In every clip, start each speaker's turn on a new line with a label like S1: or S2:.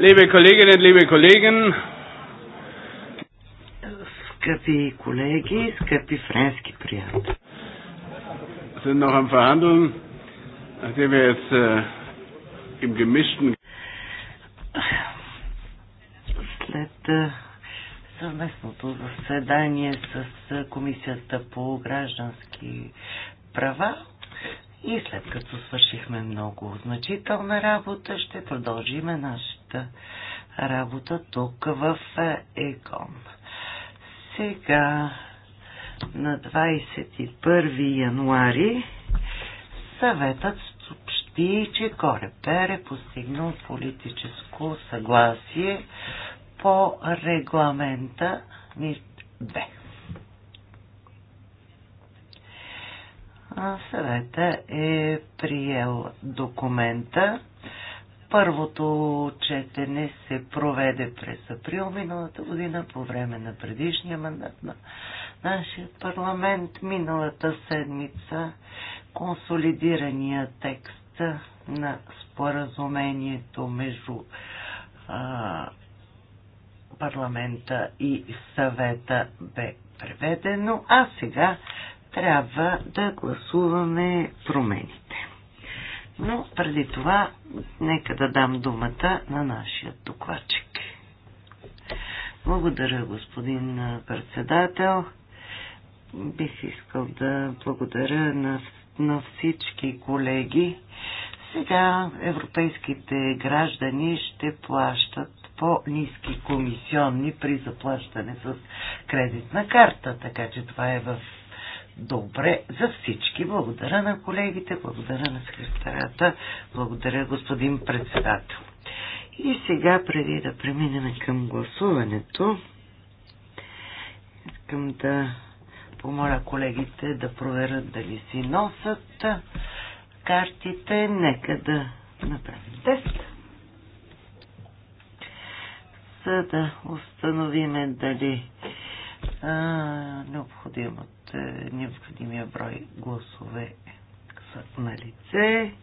S1: Liebe Kolleginnen, liebe Kollegen,
S2: скъпи колеги, скъпи френски
S1: приятели. Sind noch am Verhandeln, nachdem wir jetzt äh, im gemischten
S2: след э, съвместното заседание с э, Комисията по граждански права и след като свършихме много значителна работа, ще продължиме нашите нашата работа тук в ЕКОМ. Сега на 21 януари съветът съобщи, че Корепер е постигнал политическо съгласие по регламента 2. Съветът е приел документа Първото четене се проведе през април миналата година по време на предишния мандат на нашия парламент. Миналата седмица консолидирания текст на споразумението между а, парламента и съвета бе преведено, а сега трябва да гласуваме промени. Но преди това, нека да дам думата на нашия докладчик. Благодаря, господин председател. Бих искал да благодаря на, на всички колеги. Сега европейските граждани ще плащат по-низки комисионни при заплащане с кредитна карта, така че това е в добре за всички. Благодаря на колегите, благодаря на секретарята, благодаря господин председател. И сега, преди да преминем към гласуването, искам да помоля колегите да проверят дали си носят картите. Нека да направим тест. За да установиме дали а, необходимото необходимия брой гласове са на лице.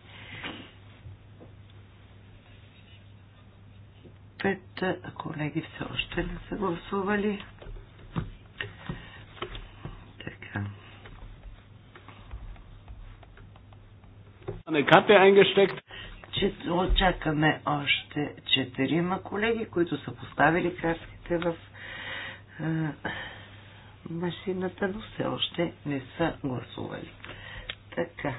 S2: Пет колеги все още не са гласували.
S1: Така. Капе
S2: е Очакаме още четирима колеги, които са поставили картите в машината, но все още не са гласували. Така.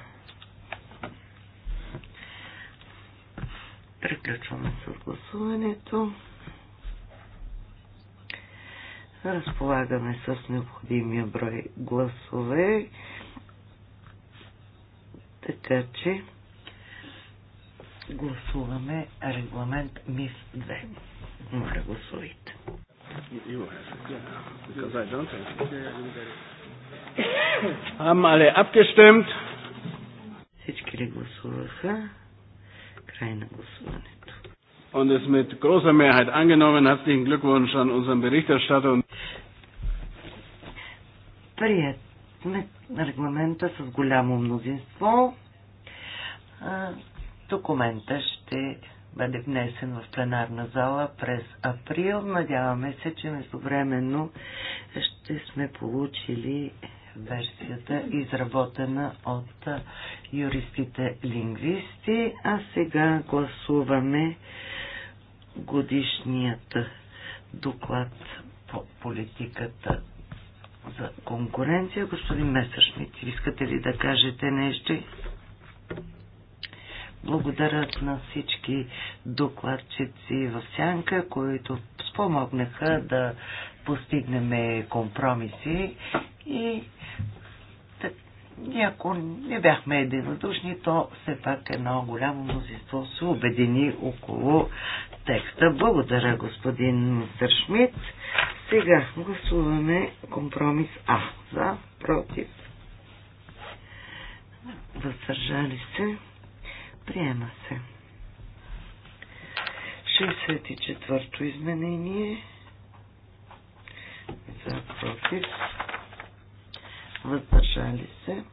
S2: Приключваме с гласуването. Разполагаме с необходимия брой гласове. Така че гласуваме регламент
S1: МИС 2. Моля, гласувайте. You have it. Yeah. Because I don't have it. Yeah, Haben alle abgestimmt?
S2: Всички ли гласуваха? Край на гласуването.
S1: Und es mit großer Mehrheit angenommen. Herzlichen Glückwunsch an unseren Berichterstatter.
S2: Приятме регламента с голямо мнозинство. Документа ще бъде внесен в пленарна зала през април. Надяваме се, че междувременно ще сме получили версията, изработена от юристите-лингвисти. А сега гласуваме годишният доклад по политиката за конкуренция. Господин Месършмит, искате ли да кажете нещо? Благодаря на всички докладчици в Сянка, които спомогнаха да постигнем компромиси и и ако не бяхме единодушни, то все пак едно голямо мнозинство се обедини около текста. Благодаря, господин мистер Шмидт. Сега гласуваме компромис А. За, против, въздържали се. Приема се. 64-то изменение за против. Въздържали се.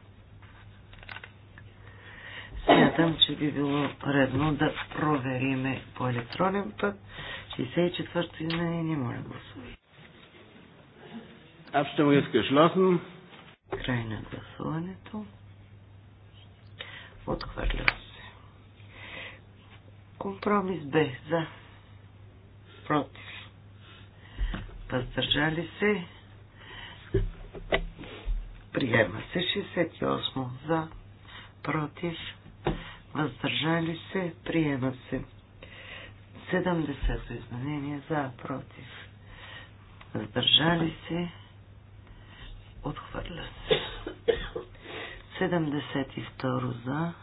S2: Смятам, че би било редно да провериме по електронен път. 64-то изменение, моля гласувайте. Abstimmung ist е Край на гласуването. Отхвърля се. Компромис Б. За. Против. Въздържали се. Приема се 68. За. Против. Въздържали се. Приема се. 70 изменение. За. Против. Въздържали се. Отхвърля се. 72 за.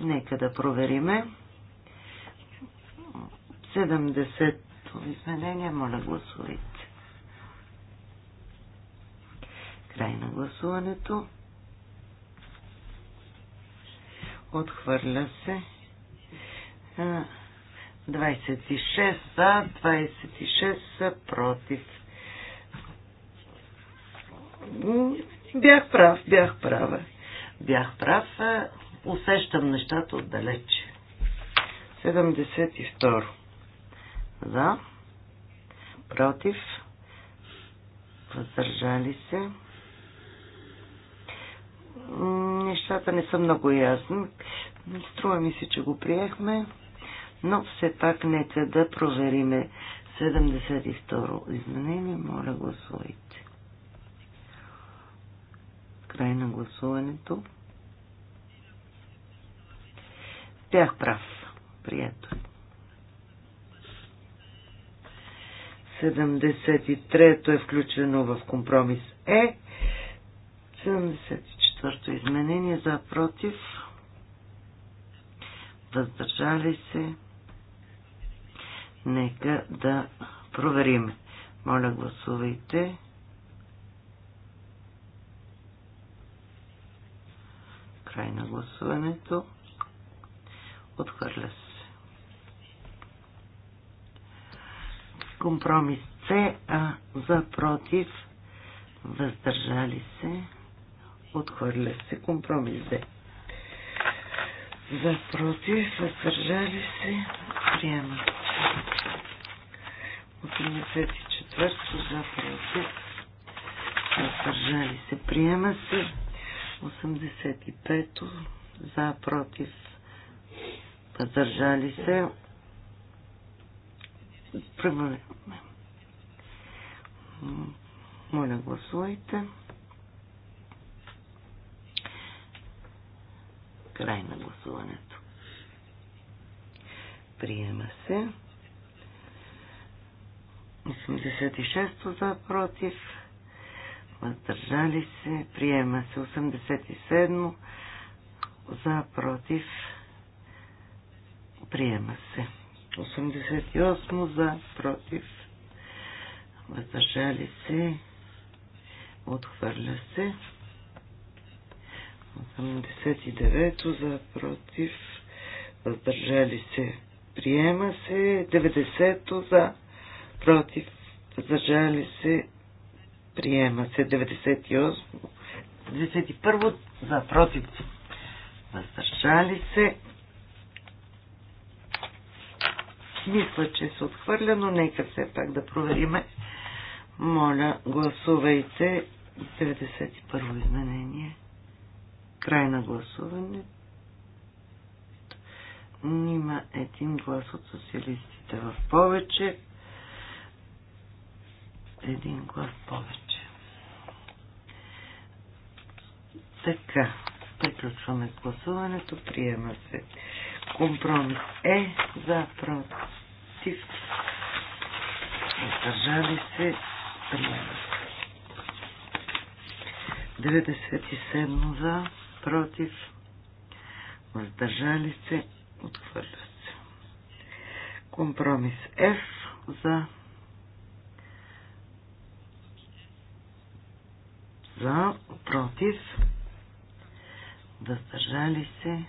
S2: Нека да провериме. 70-то изменение. Моля, гласувайте. Край на гласуването. Отхвърля се. 26 за, 26 са против. Бях прав, бях права. Бях прав. Усещам нещата отдалече. 72. За. Против. Въздържали се. Нещата не са много ясни. Струва ми се, че го приехме, но все пак нека да провериме 72 изменение. Моля, гласувайте. Край на гласуването. Бях прав, приятели. 73-то е включено в компромис Е. 74-то изменение за против. Въздържали се. Нека да проверим. Моля, гласувайте. Край на гласуването. Отхвърля се. Компромис С, а за против, въздържали се, отхвърля се. Компромис Д. За против, въздържали се, приема се. 84 за против, въздържали се, приема се. 85 за против, въздържали се, моля, гласувайте. Край на гласуването. Приема се. 86 за против. Въздържали се. Приема се. 87 за против. Приема се. 88 за, против, въздържали се, отхвърля се. 89 за, против, въздържали се, приема се. 90 за, против, въздържали се, приема се. 98 91 за, против, въздържали се, Мисля, че се отхвърля, но нека все пак да провериме. Моля, гласувайте 91-во изменение. Край на гласуване. Нима един глас от социалистите в повече. Един глас повече. Така, приключваме гласуването. Приема се. Компромис е за правото всичко. Издържали се, приема се. 97 за, против, въздържали се, отхвърля се. Компромис F за за, против, въздържали се,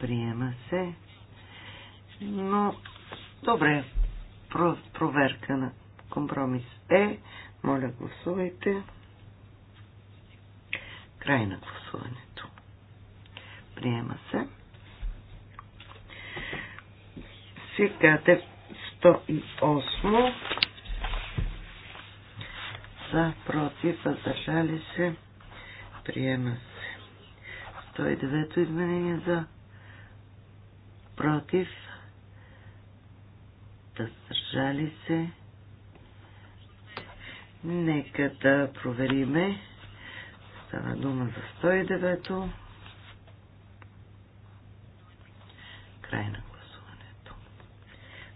S2: приема се. Но, добре, Про, проверка на компромис Е. Моля, гласувайте. Край на гласуването. Приема се. Сега 108 за, против, въздържали се. Приема се. 109 изменение за, против, сържали се. Нека да провериме. Става дума за 109-то. Край на гласуването.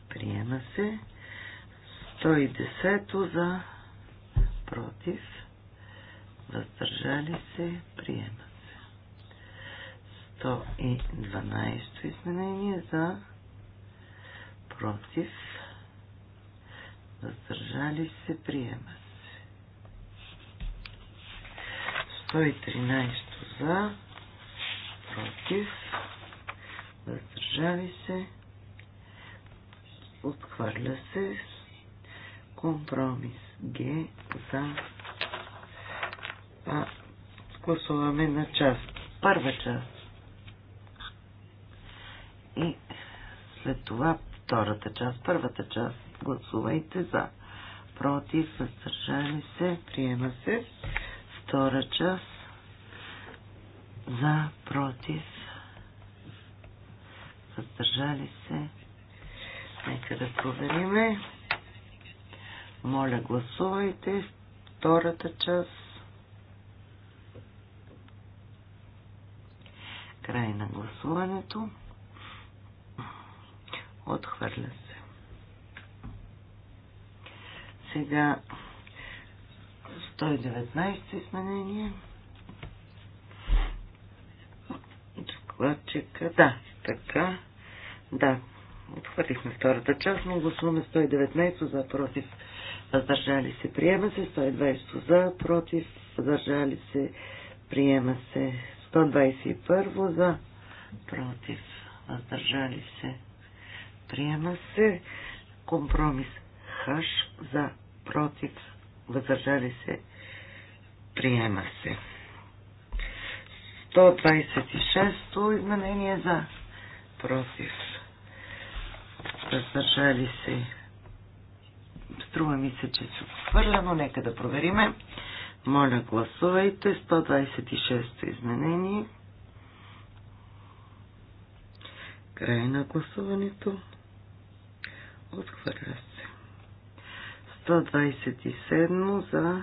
S2: Приема се. 110-то за против. Въздържали се. Приема се. 112-то изменение за против въздържали се, приема се. 113 за, против, въздържали се, отхвърля се, компромис Г за, а, гласуваме на част. Първа част. И след това втората част. Първата част Гласувайте за. Против, въздържали се, приема се. Втора част. За, против, въздържали се. Нека да провериме. Моля, гласувайте. Втората част. Край на гласуването. Отхвърля се. Сега 119 изменение. Докладчика, да, така. Да, отхвърлихме втората част, но гласуваме 119 за против. Въздържали се, приема се. 120 за против. Въздържали се, приема се. 121 за против. Въздържали се, приема се. Компромис Фархаш за против въздържали се приема се. 126-то изменение за против въздържали се струва ми се, че се отхвърля, но нека да провериме. Моля, гласувайте. 126-то изменение. Край на гласуването. Отхвърля се. 127 за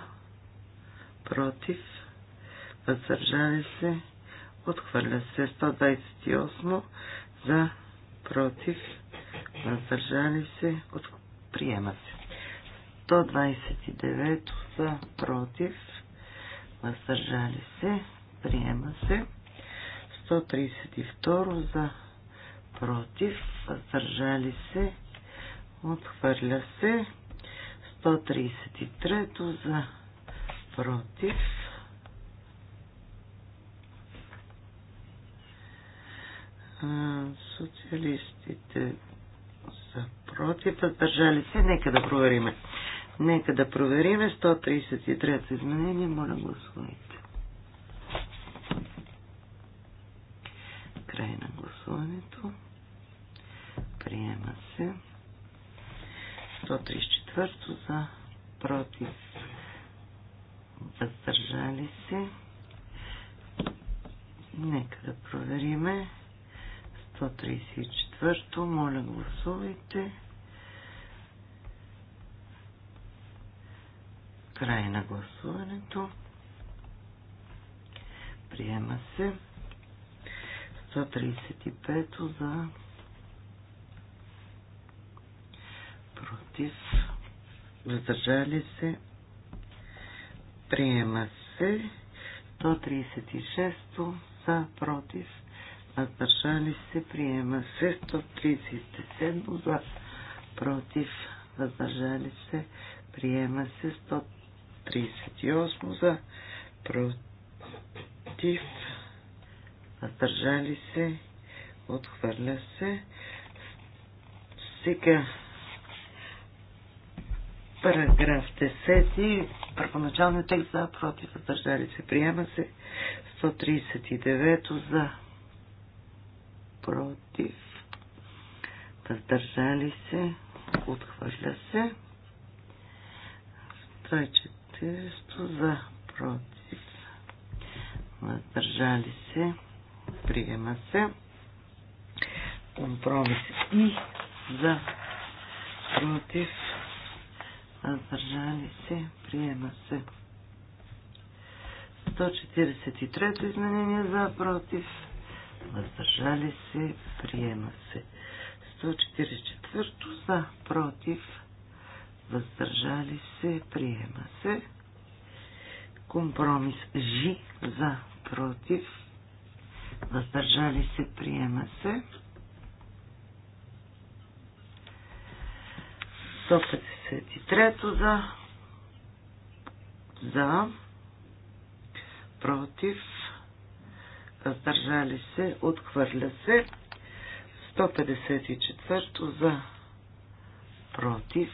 S2: против въздържали се отхвърля се 128 за против въздържали се от... приема се 129 за против въздържали се приема се 132 за против въздържали се отхвърля се 133 за против. Социалистите са против, въздържали се. Нека да провериме. Нека да провериме 133 изменение. Моля гласувайте. Край на гласуването. Приема се. 134 твърдо за против въздържали се. Нека да провериме. 134. Моля, гласувайте. Край на гласуването. Приема се. 135 за против въздържали се, приема се. 136 за, против, въздържали се, приема се. 137 за, против, въздържали се, приема се. 138 за, против, въздържали се, отхвърля се. Сега Параграф 10. Първоначалният текст за, против, въздържали се, приема се. 139 за, против, въздържали се, отхвърля се. 140 за, против, въздържали се, приема се. Компромис и за, против, въздържали се, приема се. 143 изменение за, против, въздържали се, приема се.
S1: 144
S2: за, против, въздържали се, приема се. Компромис Ж за, против, въздържали се, приема се. 150 53-то за за против въздържали се, отхвърля се 154-то за против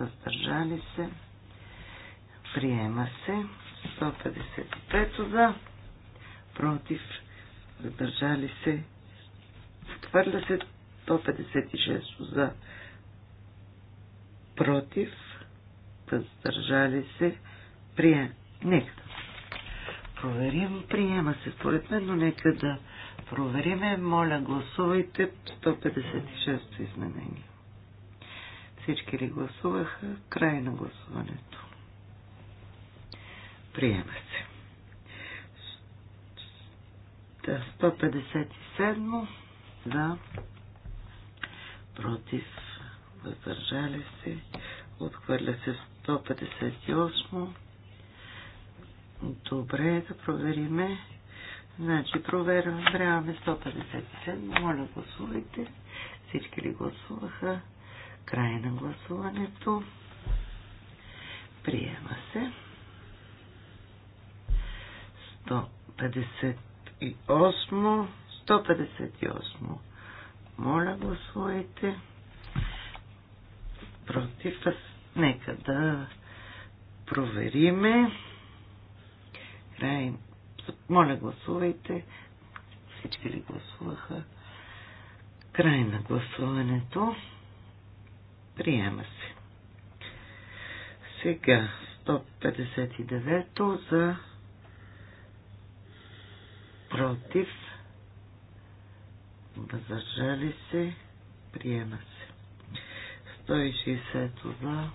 S2: въздържали се приема се 155-то за против въздържали се отхвърля се 156 за против против, въздържали се, приема. Нека проверим, приема се според мен, но нека да провериме. Моля, гласувайте 156 изменение. Всички ли гласуваха? Край на гласуването. Приема се. Да, 157 за да. против въздържали се, отхвърля се 158. Добре, да провериме. Значи трябваме 157. Моля, гласувайте. Всички ли гласуваха? Край на гласуването. Приема се. 158. 158. Моля, гласувайте против. Нека да провериме. Край. Моля, гласувайте. Всички ли гласуваха? Край на гласуването. Приема се. Сега 159 за против. Въздържали се. Приема се. 160 за,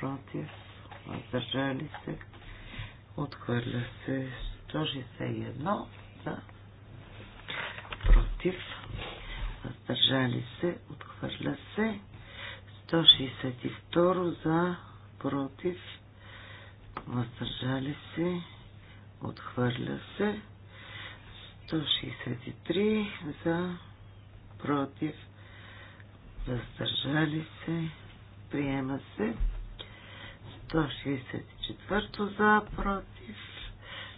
S2: против, въздържали се, отхвърля се 161 за, против, въздържали се, отхвърля се 162 за, против, въздържали се, отхвърля се 163 за, против, въздържали се, приема се. 164 за, против,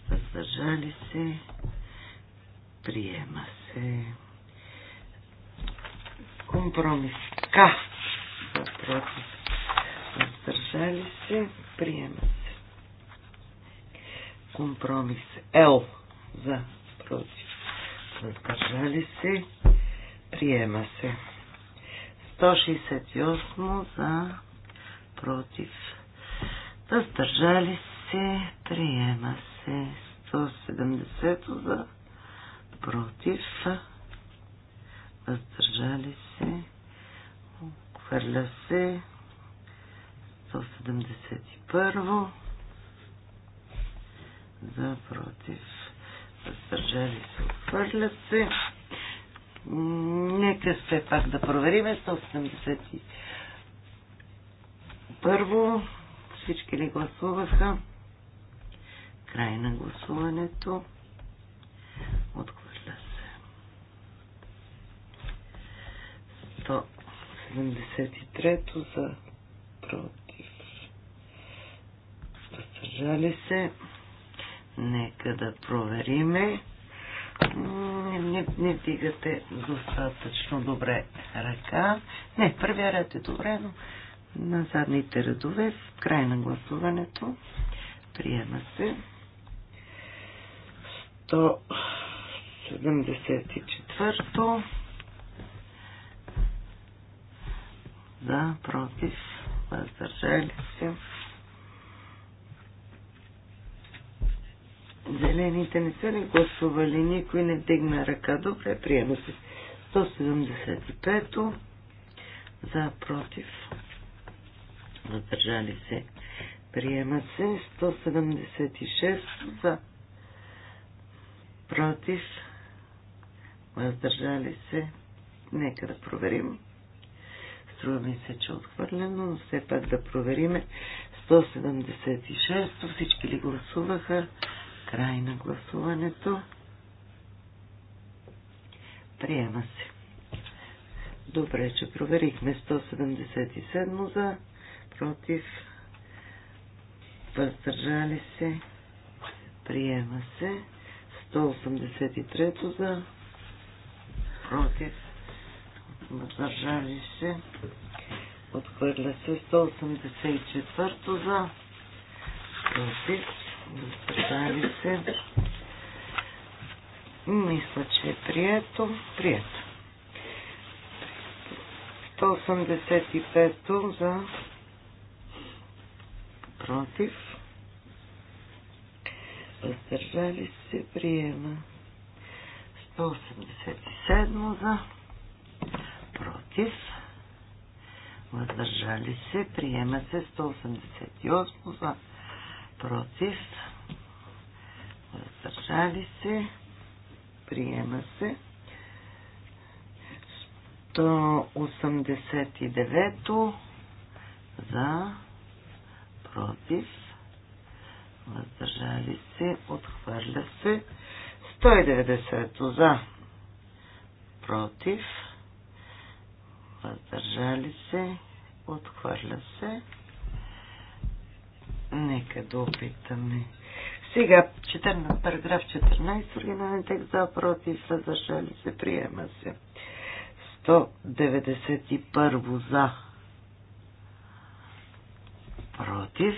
S2: въздържали се, приема се. Компромис К за, против, въздържали се, приема се. Компромис Л за, против, въздържали се, приема се. 168 за против. Въздържали се. Приема се. 170 за против. Въздържали се. Хвърля се. 171 за против. Въздържали се. Хвърля се. Нека все пак да провериме 180. Първо, всички ли гласуваха? Край на гласуването. Отхвърля се. 173 за против. Въздържали се. Нека да провериме не, не вдигате достатъчно добре ръка. Не, първия ред е добре, но на задните редове, в край на гласуването, приема се 174 за, против, въздържали се. Зелените не са ли гласували? Никой не дигна ръка. Добре, приема се. 175 за против. Задържали се. Приема се 176 за против. Въздържали се. Нека да проверим. Струва ми се, че е отхвърлено, но все пак да провериме. 176. Всички ли гласуваха? Край на гласуването. Приема се. Добре, че проверихме 177 за, против, въздържали се, приема се. 183 за, против, въздържали се, отхвърля се. 184 за, против, въздържали се. Мисля, че е прието. Прието. 185 то за против. Въздържали се. Приема. 187 за против въздържали се, приема се 188 за, против, въздържали се, приема се. 189 за, против, въздържали се, отхвърля се. 190 за, против, въздържали се, отхвърля се. Нека да опитаме сега, 14, параграф 14, оригинален текст за против, съдържали се, приема се. 191 за против,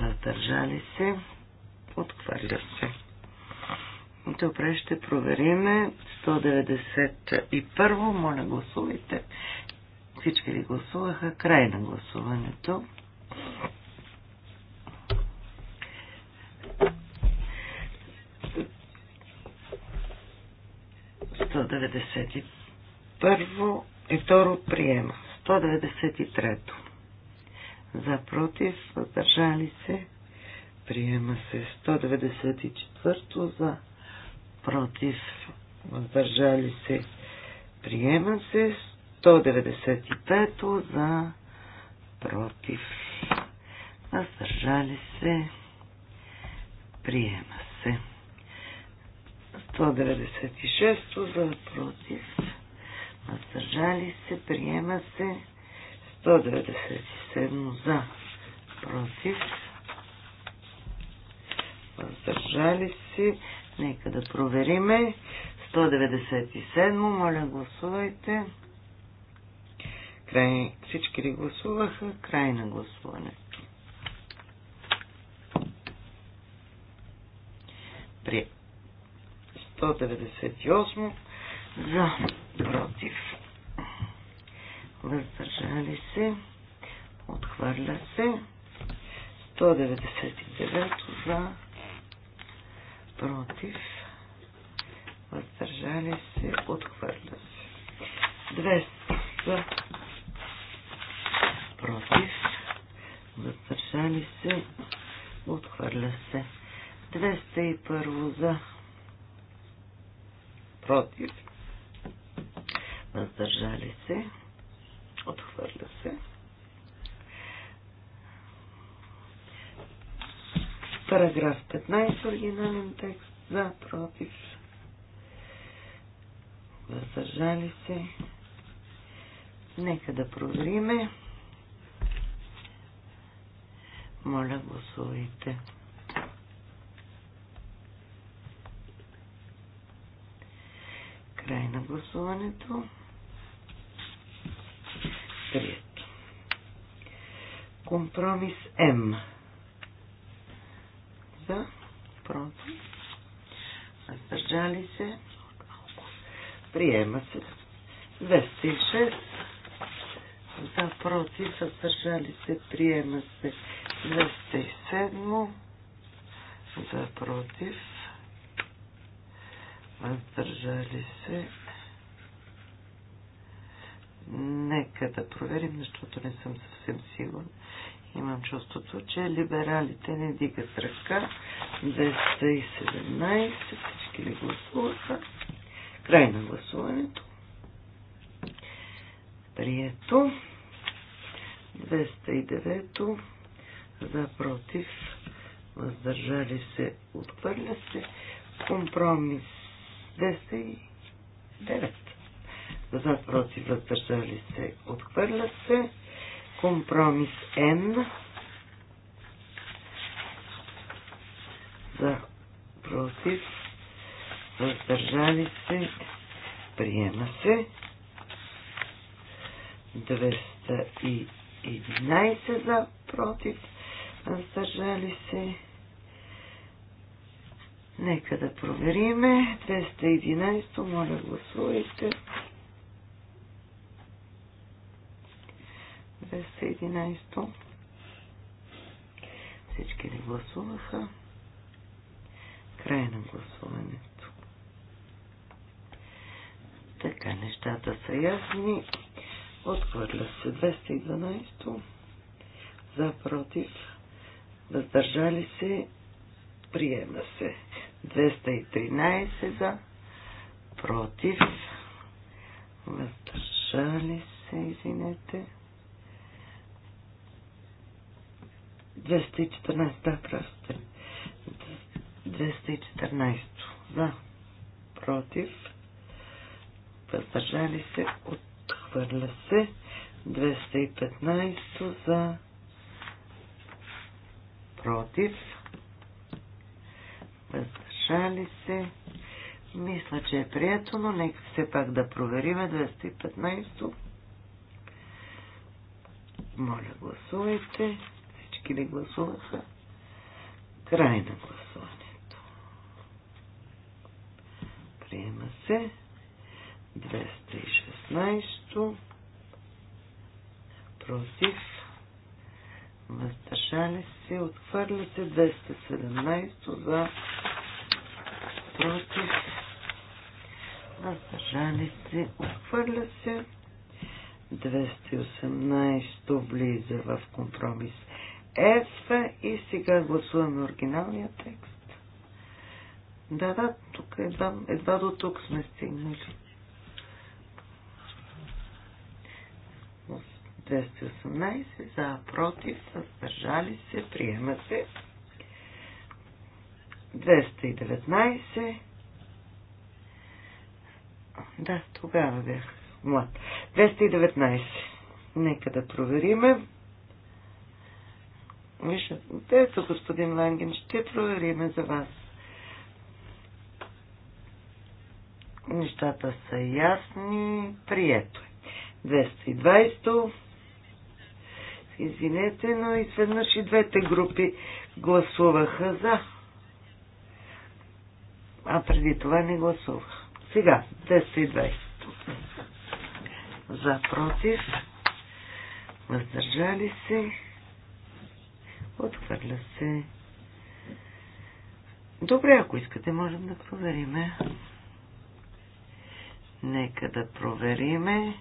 S2: въздържали се, отхвърля се. Добре, ще провериме. 191, моля гласувайте. Всички ли гласуваха? Край на гласуването. 191 и второ приема. 193 за против, въздържали се, приема се 194 за против, въздържали се, приема се 195 за против, въздържали се, приема се. 196 за против. Въздържали се. Приема се. 197 за против. Въздържали се. Нека да провериме. 197. Моля, гласувайте. Край, всички ли гласуваха? Край на гласуването. Приятно. 198 за против. Въздържали се. Отхвърля се. 199 за против. Въздържали се. Отхвърля се. 200 за против. Въздържали се. Отхвърля се. 201 за против, въздържали се, отхвърля се. Параграф 15, оригинален текст, за, против, въздържали се. Нека да провериме. Моля, гласувайте. Край на гласуването. Прието. Компромис М. За, против, въздържали се, приема се. 206 за, против, въздържали се, приема се. 207 за, против, въздържали се. Нека да проверим, защото не съм съвсем сигурна. Имам чувството, че либералите не дигат ръка. 217, всички ли
S1: гласуваха?
S2: Край на гласуването. Прието. 209 за против въздържали се, отхвърля се. Компромис 209. За, против, въздържали се, отхвърля се. Компромис Н. За, против, въздържали се, приема се. 211 за, против, въздържали се. Нека да провериме. 211, моля гласувайте. 211. Всички ли гласуваха? Край на гласуването. Така, нещата са ясни. Отхвърля се 212. За, против, въздържали се, приема се. 213 за, против, въздържали се, извинете. 214, да, простите. 214 за, против, въздържали се, отхвърля се. 215 за, против, въздържали Шали се. Мисля, че е прието, но нека все пак да провериме 215 Моля, гласувайте. Всички ли гласуваха? Край на гласуването. Приема се. 216 против въздържали се, отхвърля се 217 за против, въздържали се, отхвърля се. 218 влиза в компромис Ефа и сега гласуваме оригиналния текст. Да, да, тук едва, едва до тук сме стигнали. 218 за, против, въздържали се, приема се. 219. Да, тогава бях млад. 219. Нека да провериме. Ето, господин Ланген, ще провериме за вас. Нещата са ясни. Прието е. 220. Извинете, но изведнъж и двете групи гласуваха за. А преди това не гласувах. Сега, 220. За, против. Въздържали се. Отхвърля се. Добре, ако искате, можем да провериме. Нека да провериме.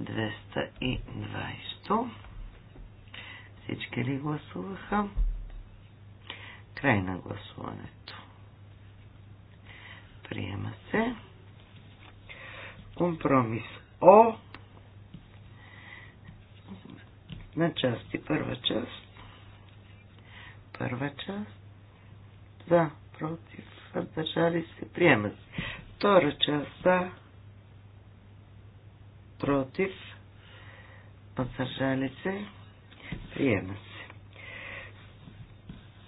S2: 220. Всички ли гласуваха? Край на гласуването. Приема се. Компромис О. На части. Първа част. Първа част. За. Против. Въздържали се. Приема се. Втора част. За. Против. Въздържали се. Приема се.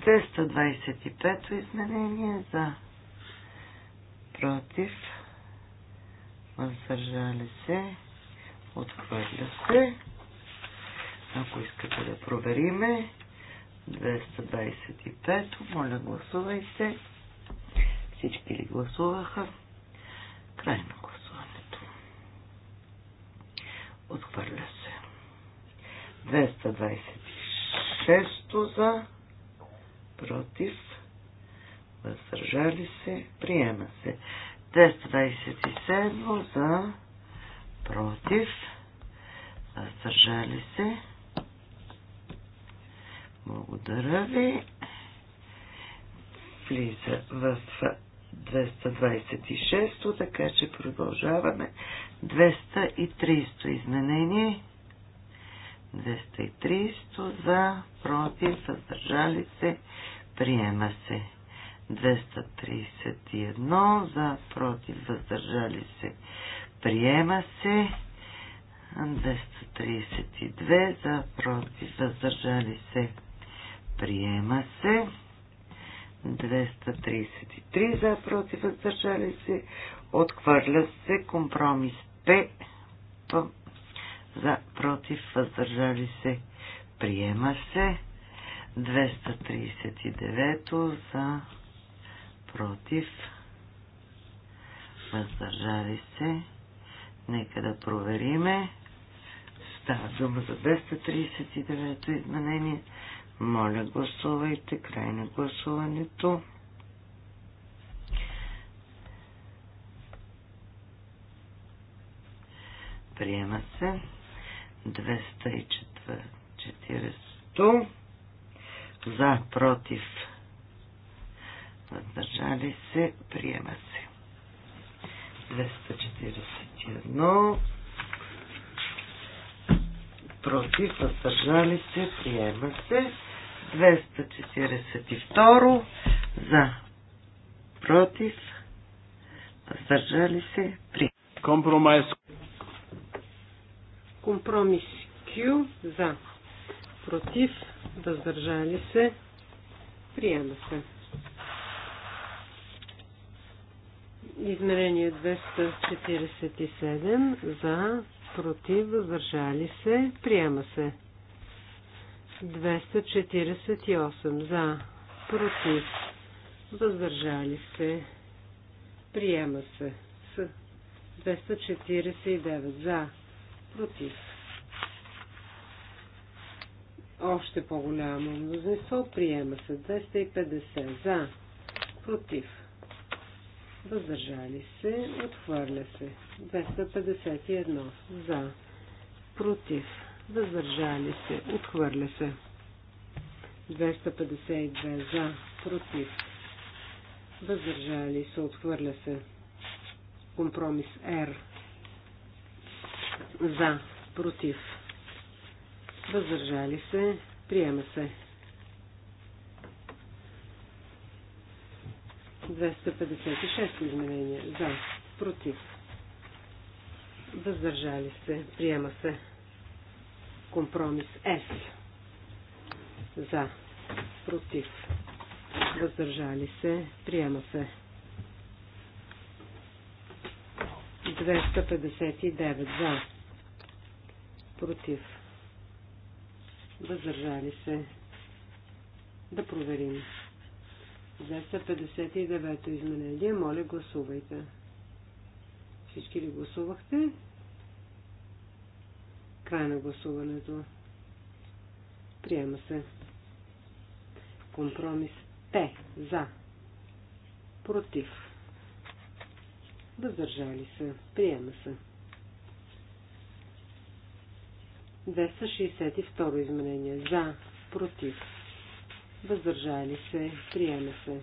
S2: 325 изменение за против, въздържали се, отхвърля се. Ако искате да провериме, 225, моля гласувайте. Всички ли гласуваха? Край на гласуването. Отхвърля се. 226 за, против, въздържали се, приема се. 227 за, против, въздържали се. Благодаря ви. Влиза в 226, така че продължаваме. 230 изменение. 230 за, против, въздържали се, приема се. 231 за против въздържали се приема се 232 за против въздържали се приема се 233 за против въздържали се отхвърля се компромис П за против въздържали се приема се 239 за против, въздържали се. Нека да провериме. Става дума за 239-то изменение. Моля, гласувайте. Край на гласуването. Приема се. 240 за, против, въздържали се, приема се. 241 против, въздържали се, приема се. 242 за против, въздържали се, приема. Компромис.
S3: Компромис Кю за против, въздържали се, приема се. Измерение 247 за, против, въздържали се, приема се. 248 за, против, въздържали се, приема се. 249 за, против. Още по-голямо мнозинство приема се 250 за, против въздържали се, отхвърля се. 251 за, против, въздържали се, отхвърля се. 252 за, против, въздържали се, отхвърля се. Компромис Р за, против, въздържали се, приема се. 256 изменения. За. Против. Въздържали се. Приема се. Компромис С. За. Против. Въздържали се. Приема се. 259 за. Против. Въздържали се. Да проверим. 259-то изменение. Моля, гласувайте. Всички ли гласувахте? Край на гласуването. Приема се. Компромис П. За. Против. Въздържали се. Приема се. 262 изменение. За. Против въздържали се, приема се.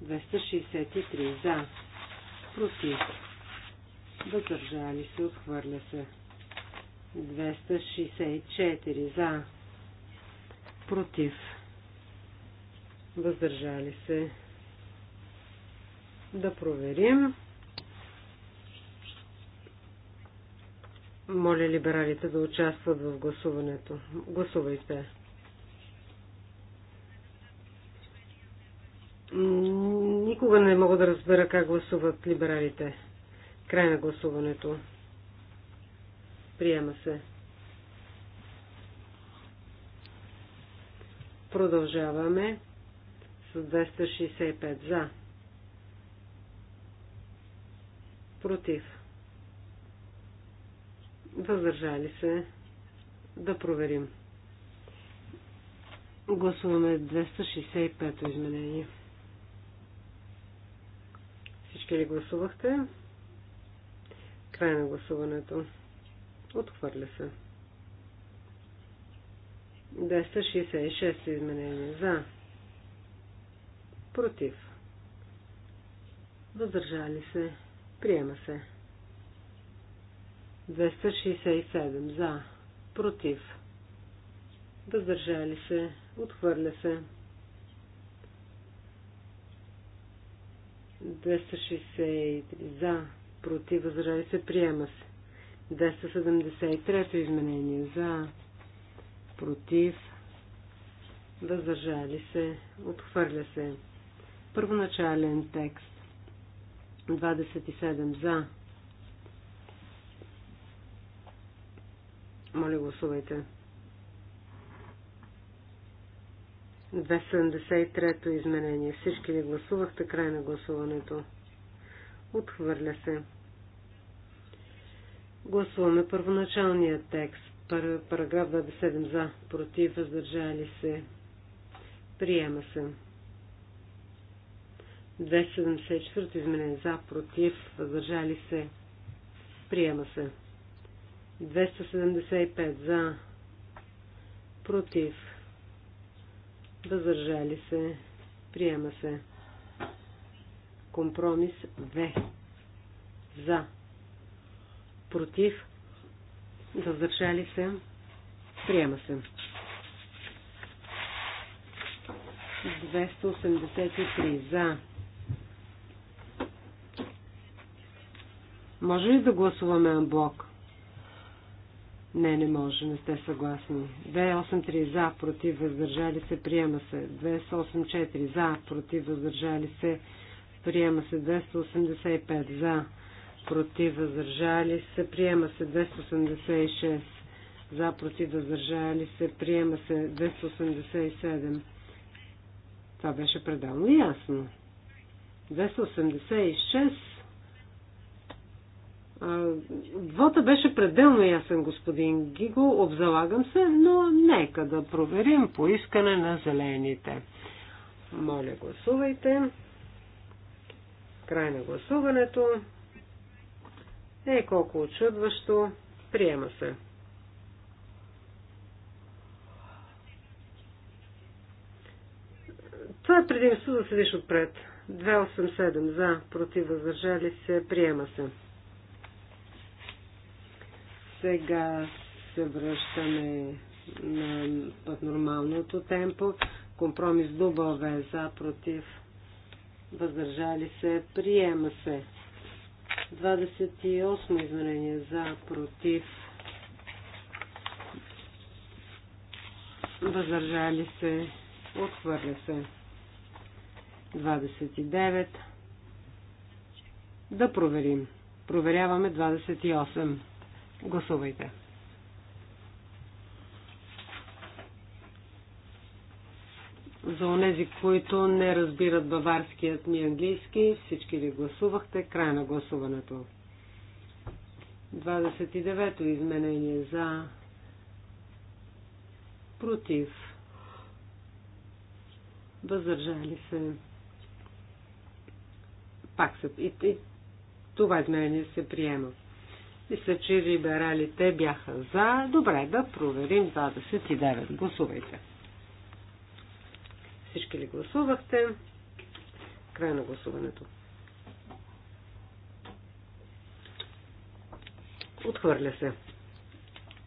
S3: Двеста за, против, въздържали се, отхвърля се. 264 за, против, въздържали се. Да проверим. Моля либералите да участват в гласуването. Гласувайте. Никога не мога да разбера как гласуват либералите. Край на гласуването. Приема се. Продължаваме с 265 за. Против. Въздържали се. Да проверим. Гласуваме 265 изменение. Всички ли гласувахте? Край на гласуването. Отхвърля се. 266 изменение. За. Против. Въздържали се. Приема се. 267 за, против, въздържали се, отхвърля се. 263 за, против, въздържали се, приема се. 273 изменение за, против, въздържали се, отхвърля се. Първоначален текст. 27 за, Моля, гласувайте. 273-то изменение. Всички ли гласувахте? Край на гласуването. Отхвърля се. Гласуваме първоначалния текст. Параграф 27 за, против, въздържали се. Приема се. 274 то изменение за, против, въздържали се. Приема се. 275 за, против, въздържали се, приема се. Компромис В. За. Против. Въздържали се. Приема се. 283 за. Може ли да гласуваме на блок? Не, не може, не сте съгласни. 283 за, против, въздържали се, приема се. 284 за, против, въздържали се, приема се. 285 за, против, въздържали се, приема се. 286 за, против, въздържали се, приема се. 287. Това беше пределно ясно. 286 Вота беше пределно ясен, господин Гиго, обзалагам се, но нека да проверим по искане на зелените. Моля, гласувайте. Край на гласуването. Е, колко очудващо. Приема се. Това е предимство да седиш отпред. 287 за, против въздържали се, приема се. Сега се връщаме на, под нормалното темпо. Компромис дубове за, против, въздържали се, приема се. 28 изменение за, против, въздържали се, отхвърля се. 29. Да проверим. Проверяваме 28. Гласувайте. За онези, които не разбират баварският ни английски, всички ли гласувахте? Край на гласуването. 29-то изменение за против въздържали се пак се и, и това изменение се приема. Мисля, че либералите бяха за. Добре, да проверим 29. Гласувайте. Всички ли гласувахте? Край на гласуването. Отхвърля се.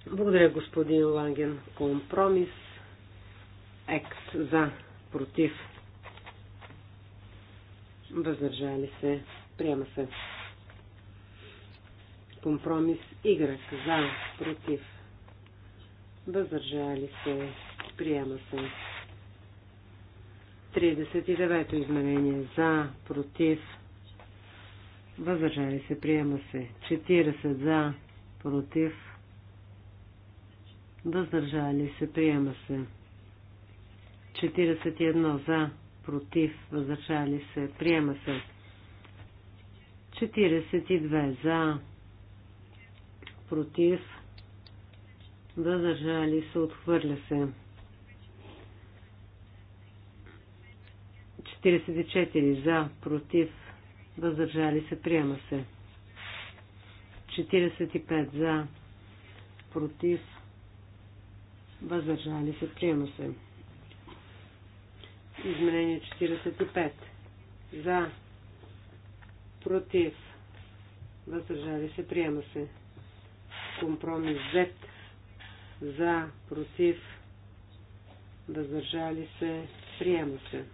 S3: Благодаря, господин Ланген. Компромис. Екс за. Против. Въздържали се. Приема се. Компромис Y. За. Против. Въздържали се. Приема се. 39-то изменение. За. Против. Въздържали се. Приема се. 40. За. Против. Въздържали се. Приема се. 41. За. Против. Въздържали се. Приема се. 42. За против, въздържали се, отхвърля се. 44 за, против, въздържали се, приема се. 45 за, против, въздържали се, приема се. Изменение 45 за, против, въздържали се, приема се. Компромис Z за, против, въздържали се, приема се.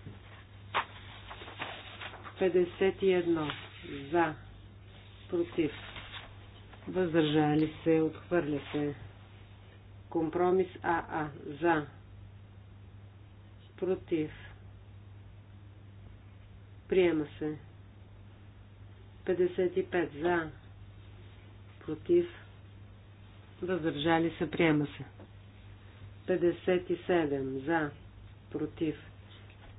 S3: 51 за, против, въздържали се, отхвърля се. Компромис АА за, против, приема се. 55 за, против, Въздържали се, приема се. 57. За. Против.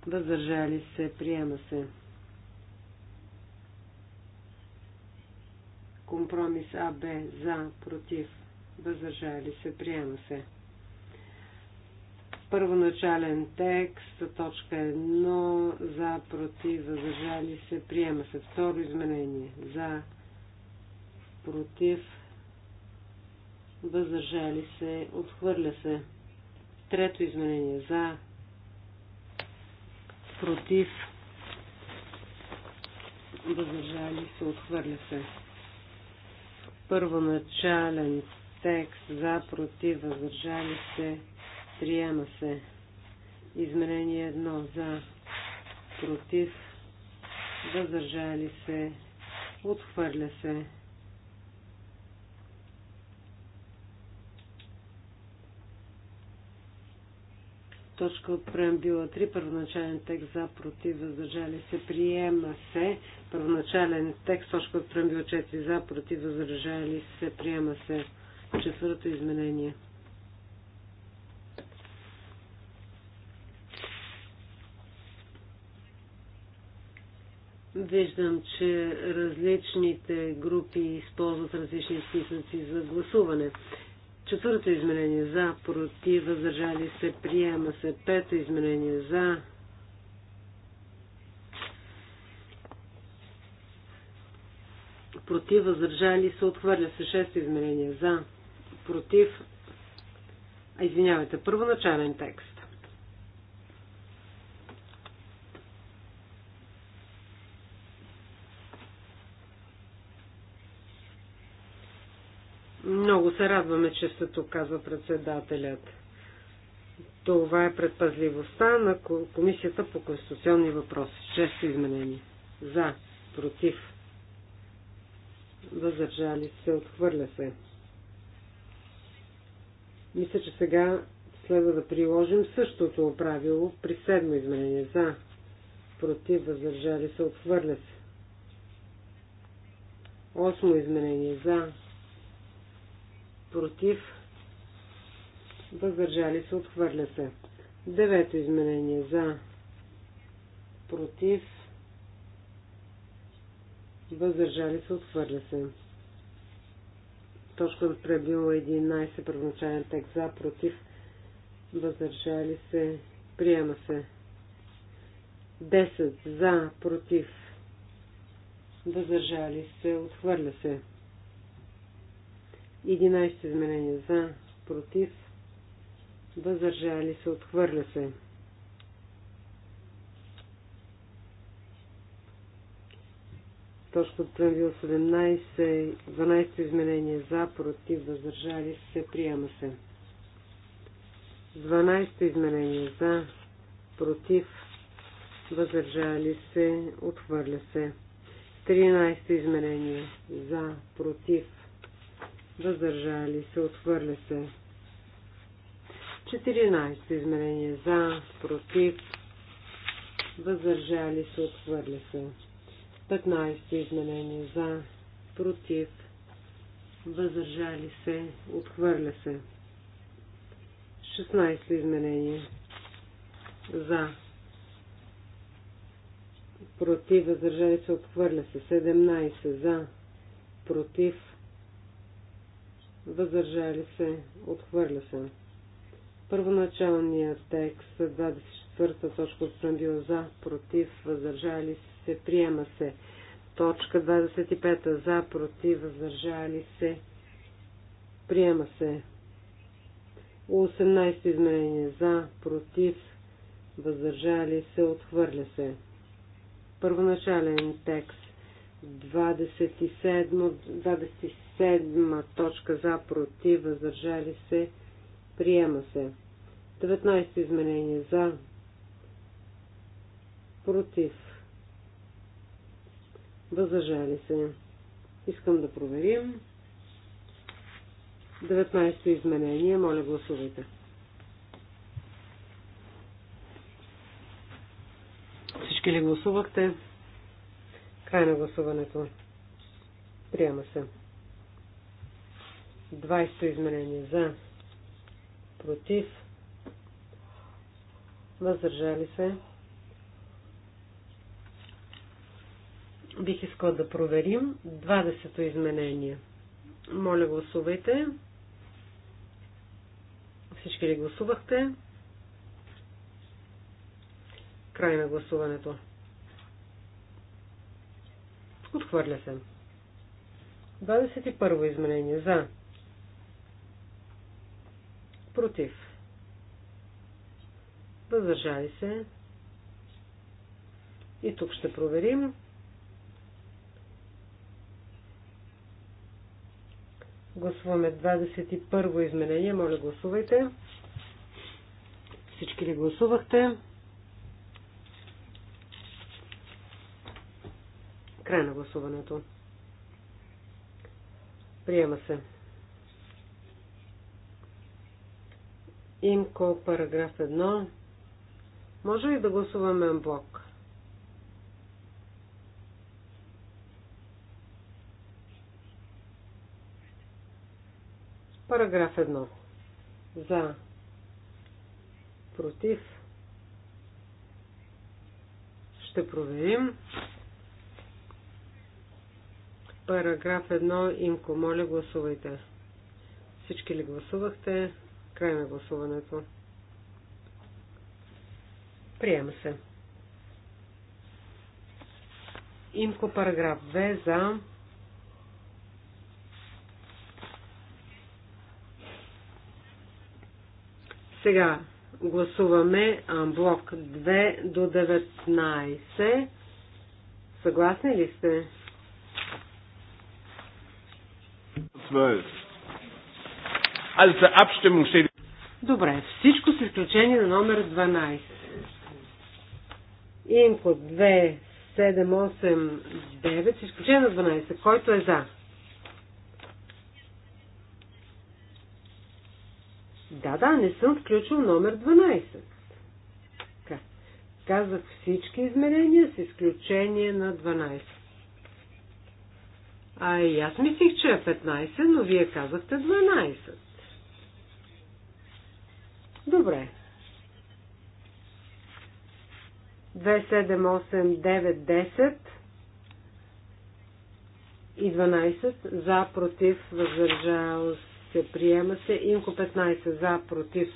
S3: Въздържали се, приема се. Компромис АБ. За. Против. Въздържали се, приема се. Първоначален текст, точка 1, за, против, въздържали се, приема се. Второ изменение, за, против, въздържали се, отхвърля се. Трето изменение за, против, въздържали се, отхвърля се. Първоначален текст за, против, въздържали се, приема се. Изменение едно за, против, въздържали се, отхвърля се. точка от преамбила 3, първоначален текст за, против, въздържали се, приема се. Първоначален текст, точка от преамбила 4, за, против, въздържали се, приема се. Четвърто изменение. Виждам, че различните групи използват различни списъци за гласуване. Четвърто изменение за, против, въздържали се, приема се. Пето изменение за. Против, въздържали се, отхвърля се. Шесто изменение за, против. А, извинявайте, първоначален текст. Много се радваме, че сте тук, казва председателят. Това е предпазливостта на Комисията по конституционни въпроси. Често изменени. За, против, въздържали се, отхвърля се. Мисля, че сега следва да приложим същото правило при седмо изменение. За, против, въздържали се, отхвърля се. Осмо изменение. За, против, въздържали се, отхвърля се. Девето изменение за, против, въздържали се, отхвърля се. Точка от пребила 11, първоначален текст за, против, въздържали се, приема се. 10 за, против, въздържали се, отхвърля се. 11 изменения за, против, въздържали се, отхвърля се. Точка от правил 17, 12 изменения за, против, въздържали се, приема се. 12 изменения за, против, въздържали се, отхвърля се. 13 изменения за, против, въздържали се, отхвърля се. 14 изменение за, против, въздържали се, отхвърля се. 15 изменение за, против, въздържали се, отхвърля се. 16 изменение за, против, въздържали се, отхвърля се. 17 за, против, въздържали се, отхвърля се. Първоначалният текст 24 точка от преамбюла за, против, въздържали се, приема се. Точка 25 за, против, въздържали се, приема се. 18 изменение за, против, въздържали се, отхвърля се. Първоначален текст 27, точка за, против, въздържали се, приема се. 19 изменение за, против, въздържали се. Искам да проверим. 19 изменение, моля гласувайте. Всички ли гласувахте? Край на гласуването. Приема се. 20 изменение за. Против. Въздържали се. Бих искал да проверим 20-то изменение. Моля гласувайте. Всички ли гласувахте? Край на гласуването. Отхвърля се. 21 изменение. За. Против. Въздържали се. И тук ще проверим. Гласуваме 21 изменение. Моля, гласувайте. Всички ли гласувахте? Край на гласуването. Приема се. Имко, параграф 1. Може ли да гласуваме блок? Параграф 1. За. Против. Ще проверим. Параграф 1. Имко, моля гласувайте. Всички ли гласувахте? Край на гласуването. Приема се. Имко параграф 2 за Сега гласуваме блок 2 до 19. Съгласни ли сте?
S1: 12. Also zur steht.
S3: Добре, всичко с изключение на номер 12. Имко 2, 7, 8, 9, с изключение на 12. Който е за? Да, да, не съм включил номер 12. Казах всички измерения с изключение на 12. А и аз мислих, че е 15, но вие казахте 12. Добре. 2, 7, 8, 9, 10 и 12. За, против, въздържал се, приема се. Инко 15. За, против,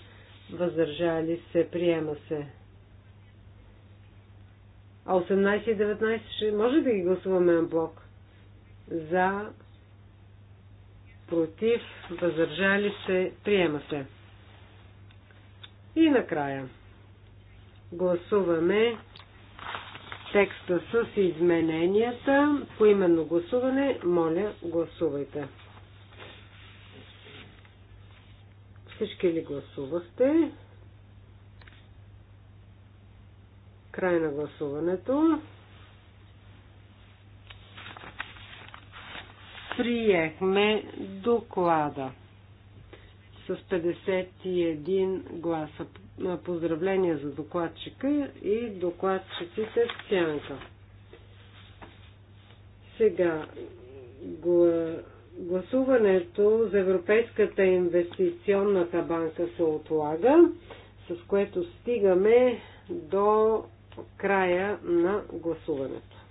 S3: въздържали се, приема се. А 18 и 19 ще може да ги гласуваме на блок? за, против, въздържали се, приема се. И накрая гласуваме текста с измененията. По именно гласуване, моля, гласувайте. Всички ли гласувахте? Край на гласуването. приехме доклада с 51 гласа. Поздравления за докладчика и докладчиците в сянка. Сега гласуването за Европейската инвестиционната банка се отлага, с което стигаме до края на гласуването.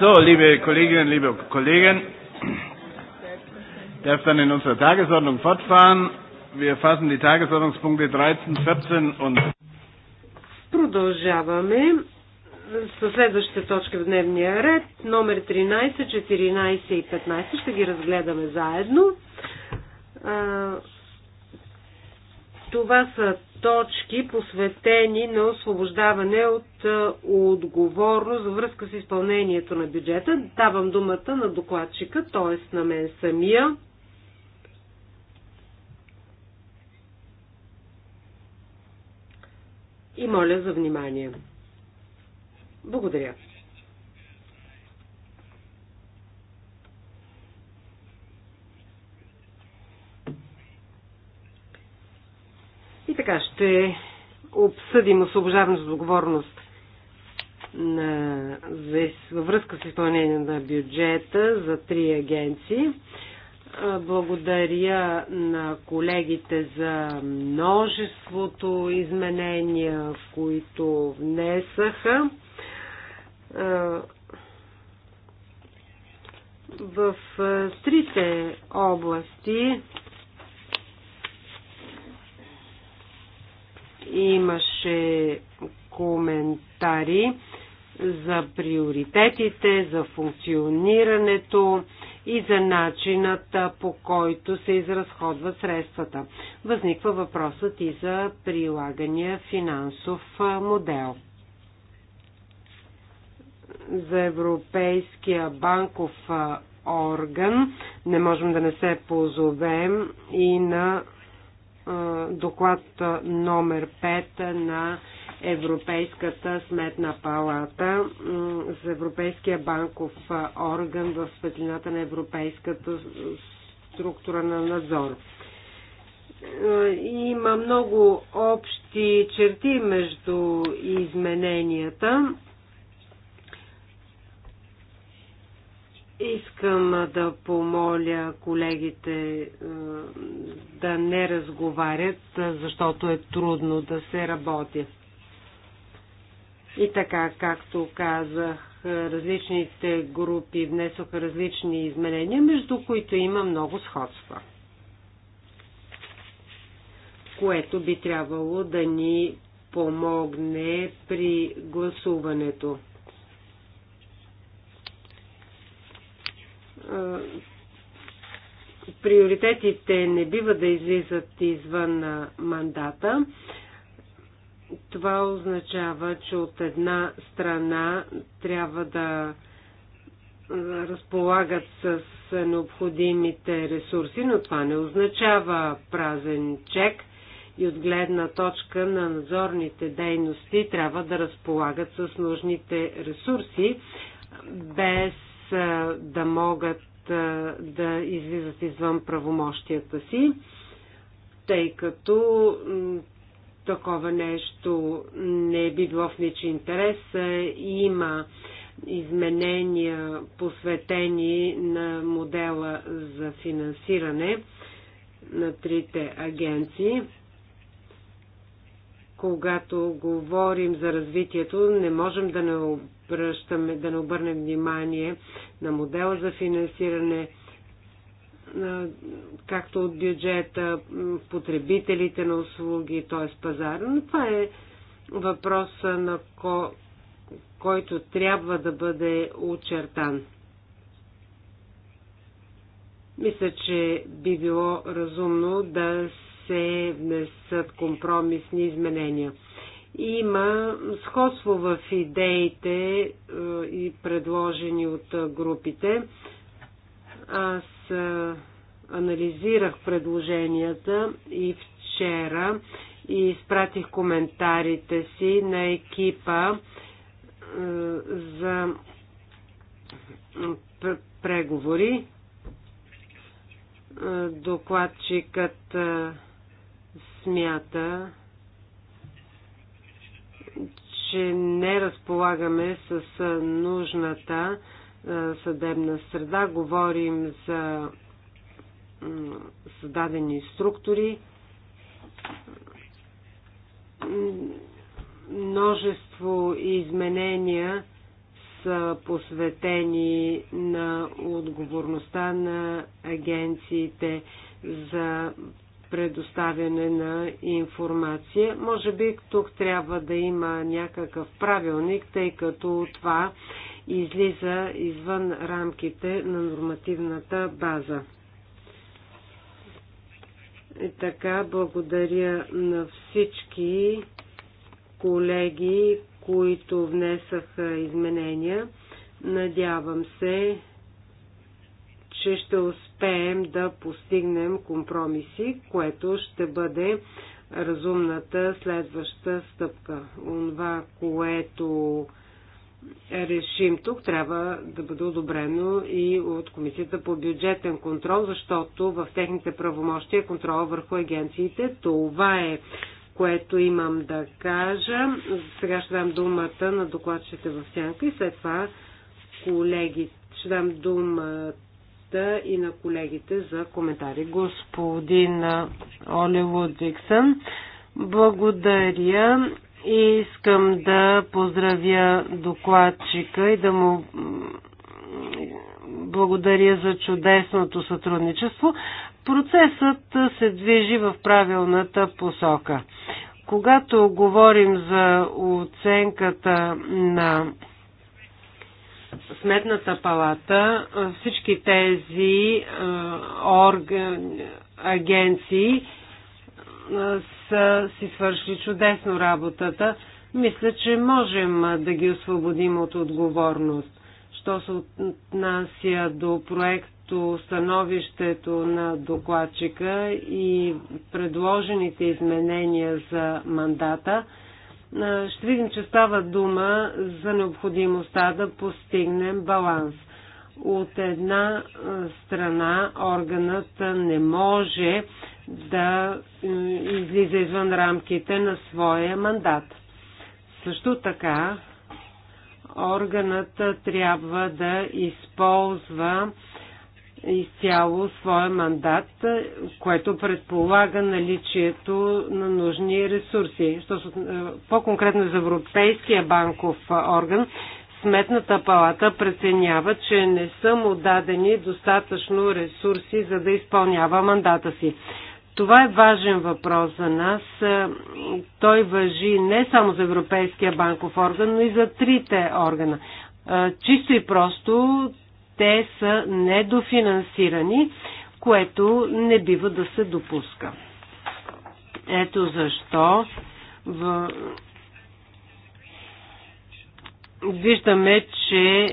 S1: So, liebe Kolleginnen, liebe Kollegen, ich darf dann in unserer Tagesordnung fortfahren. Wir fassen die Tagesordnungspunkte 13, 14 und.
S3: Продължаваме със следващите точки в дневния ред, номер 13, 14 и 15. Ще ги разгледаме заедно. Това са точки, посветени на освобождаване от е, отговорност във връзка с изпълнението на бюджета. Давам думата на докладчика, т.е. на мен самия. И моля за внимание. Благодаря. така ще обсъдим освобождаване за договорност на, за, във връзка с изпълнение на бюджета за три агенции. Благодаря на колегите за множеството изменения, които внесаха. В трите области Имаше коментари за приоритетите, за функционирането и за начинът по който се изразходват средствата. Възниква въпросът и за прилагания финансов модел. За Европейския банков орган не можем да не се позовем и на доклад номер 5 на Европейската сметна палата за Европейския банков орган в светлината на Европейската структура на надзор. Има много общи черти между измененията. Искам да помоля колегите да не разговарят, защото е трудно да се работи. И така, както казах, различните групи внесоха различни изменения, между които има много сходства, което би трябвало да ни помогне при гласуването. приоритетите не бива да излизат извън мандата. Това означава, че от една страна трябва да разполагат с необходимите ресурси, но това не означава празен чек и от гледна точка на надзорните дейности трябва да разполагат с нужните ресурси, без да могат да излизат извън правомощията си, тъй като такова нещо не би е било в ничи интерес. Има изменения посветени на модела за финансиране на трите агенции когато говорим за развитието, не можем да не, обръщаме, да не обърнем внимание на модела за финансиране, както от бюджета, потребителите на услуги, т.е. пазара. Но това е въпрос, на ко... който трябва да бъде очертан. Мисля, че би било разумно да се внесат компромисни изменения. Има сходство в идеите е, и предложени от групите. Аз е, анализирах предложенията и вчера и изпратих коментарите си на екипа е, за преговори. Докладчикът смята, че не разполагаме с нужната съдебна среда. Говорим за създадени структури, множество изменения са посветени на отговорността на агенциите за предоставяне на информация. Може би тук трябва да има някакъв правилник, тъй като това излиза извън рамките на нормативната база. И така, благодаря на всички колеги, които внесаха изменения. Надявам се че ще успеем да постигнем компромиси, което ще бъде разумната следваща стъпка. Онова, което решим тук, трябва да бъде одобрено и от Комисията по бюджетен контрол, защото в техните правомощия е контрола върху агенциите. Това е което имам да кажа. Сега ще дам думата на докладчите в сянка и след това колегите. Ще дам думата думата и на колегите за коментари. Господин Оле Диксън, благодаря. И искам да поздравя докладчика и да му благодаря за чудесното сътрудничество. Процесът се движи в правилната посока. Когато говорим за оценката на Сметната палата, всички тези орган, агенции са си свършили чудесно работата. Мисля, че можем да ги освободим от отговорност. Що се отнася до проекто становището на докладчика и предложените изменения за мандата – ще видим, че става дума за необходимостта да постигнем баланс. От една страна органът не може да излиза извън рамките на своя мандат. Също така органът трябва да използва изцяло своя мандат, което предполага наличието на нужни ресурси. Е, по-конкретно за Европейския банков е, орган, Сметната палата преценява, че не са му дадени достатъчно ресурси, за да изпълнява мандата си. Това е важен въпрос за нас. Е, той въжи не само за Европейския банков орган, но и за трите органа. Чисто и просто те са недофинансирани, което не бива да се допуска. Ето защо в... виждаме, че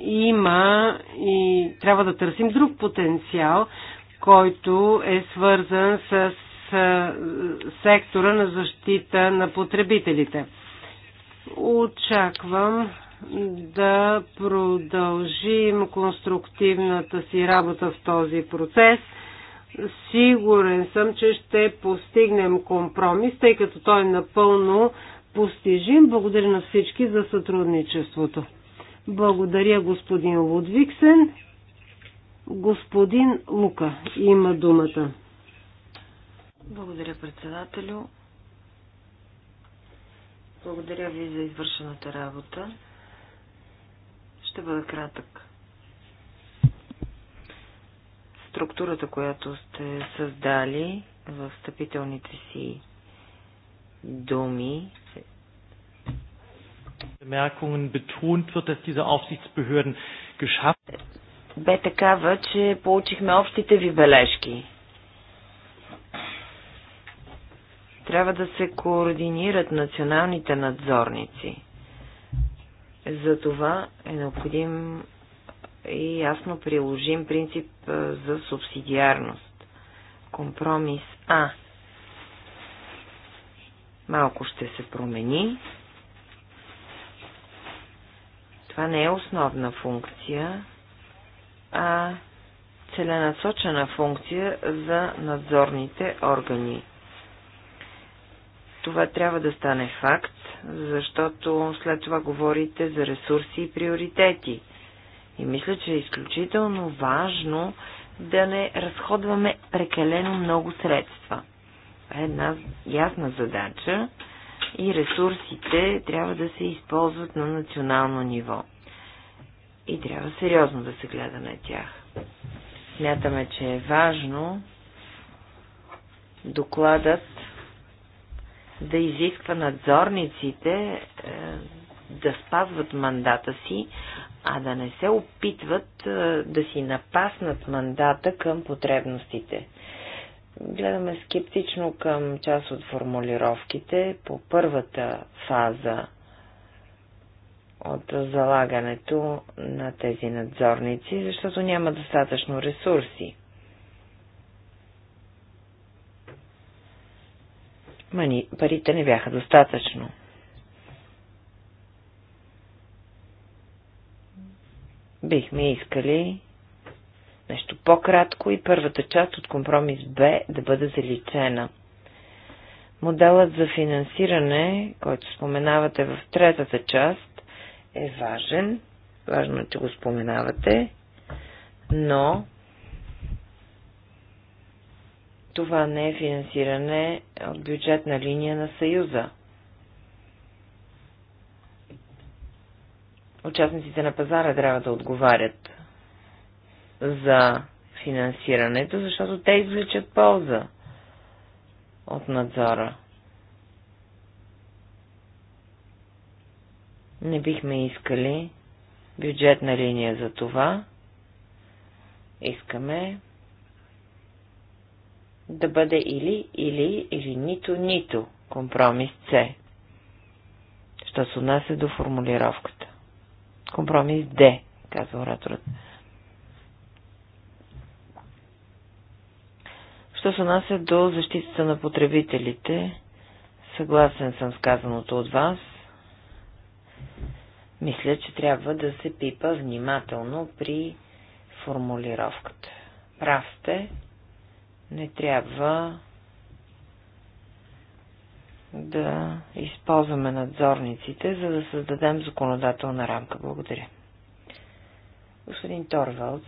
S3: има и трябва да търсим друг потенциал, който е свързан с сектора на защита на потребителите. Очаквам да продължим конструктивната си работа в този процес. Сигурен съм, че ще постигнем компромис, тъй като той е напълно постижим. Благодаря на всички за сътрудничеството. Благодаря господин Лудвиксен. Господин Лука има думата.
S4: Благодаря председателю. Благодаря ви за извършената работа. Ще бъда кратък. Структурата, която сте създали в стъпителните си думи, бе такава, че получихме общите ви бележки. Трябва да се координират националните надзорници. За това е необходим и ясно приложим принцип за субсидиарност. Компромис А. Малко ще се промени. Това не е основна функция, а целенасочена функция за надзорните органи. Това трябва да стане факт защото след това говорите за ресурси и приоритети. И мисля, че е изключително важно да не разходваме прекалено много средства. Това е една ясна задача и ресурсите трябва да се използват на национално ниво. И трябва сериозно да се гледа на тях. Смятаме, че е важно докладът да изисква надзорниците е, да спазват мандата си, а да не се опитват е, да си напаснат мандата към потребностите. Гледаме скептично към част от формулировките по първата фаза от залагането на тези надзорници, защото няма достатъчно ресурси. мани, парите не бяха достатъчно. Бихме искали нещо по-кратко и първата част от компромис Б да бъде заличена. Моделът за финансиране, който споменавате в третата част, е важен. Важно е, че го споменавате, но това не е финансиране от бюджетна линия на Съюза. Участниците на пазара трябва да отговарят за финансирането, защото те извличат полза от надзора. Не бихме искали бюджетна линия за това. Искаме да бъде или, или, или нито, нито компромис С, що се отнася до формулировката. Компромис Д, казва ораторът. Що се отнася до защитата на потребителите, съгласен съм с казаното от вас. Мисля, че трябва да се пипа внимателно при формулировката. Прав сте, не трябва да използваме надзорниците, за да създадем законодателна рамка. Благодаря. Господин Торвалц.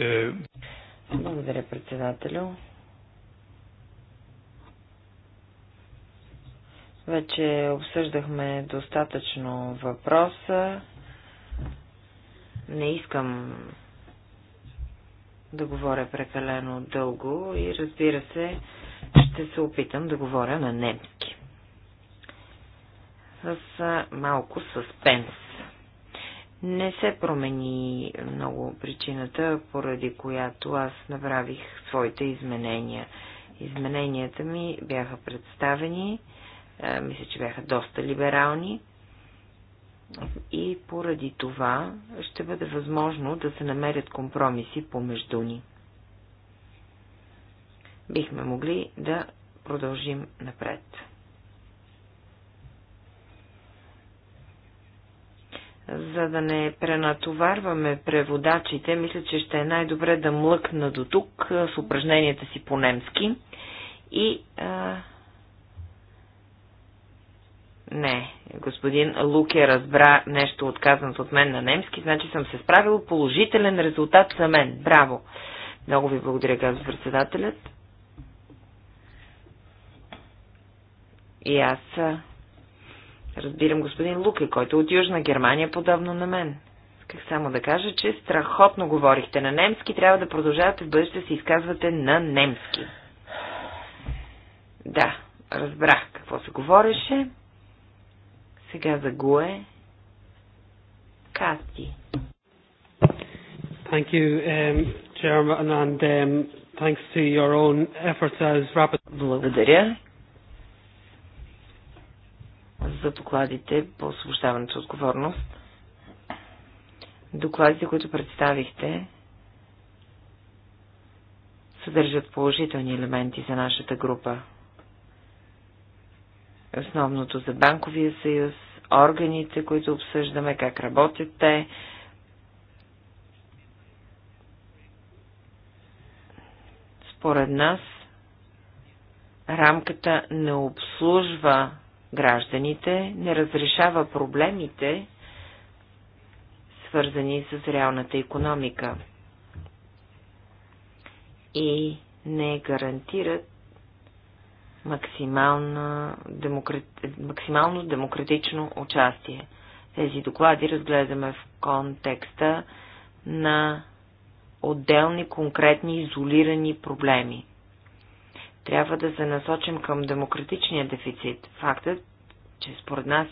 S4: Е... Благодаря, председателю. Вече обсъждахме достатъчно въпроса. Не искам да говоря прекалено дълго и разбира се, ще се опитам да говоря на немски. С малко съспенс. Не се промени много причината, поради която аз направих своите изменения. Измененията ми бяха представени, мисля, че бяха доста либерални и поради това ще бъде възможно да се намерят компромиси помежду ни. Бихме могли да продължим напред. За да не пренатоварваме преводачите, мисля, че ще е най-добре да млъкна до тук с упражненията си по немски и а, не, господин Луке разбра нещо отказано от мен на немски, значи съм се справил положителен резултат за мен. Браво! Много ви благодаря, казва председателят. И аз разбирам господин Луке, който от Южна Германия подобно на мен. Как само да кажа, че страхотно говорихте на немски, трябва да продължавате в бъдеще да се изказвате на немски. Да, разбрах какво се говореше. Сега за Гуе. Касти.
S3: Thank you, um, and um, thanks to your own
S4: efforts as rapid. Благодаря за докладите по освобождаването отговорност. Докладите, които представихте, съдържат положителни елементи за нашата група основното за банковия съюз, органите, които обсъждаме, как работят те. Според нас, рамката не обслужва гражданите, не разрешава проблемите, свързани с реалната економика и не гарантират максимална, демократ... максимално демократично участие. Тези доклади разглеждаме в контекста на отделни, конкретни, изолирани проблеми. Трябва да се насочим към демократичния дефицит. Фактът, че според нас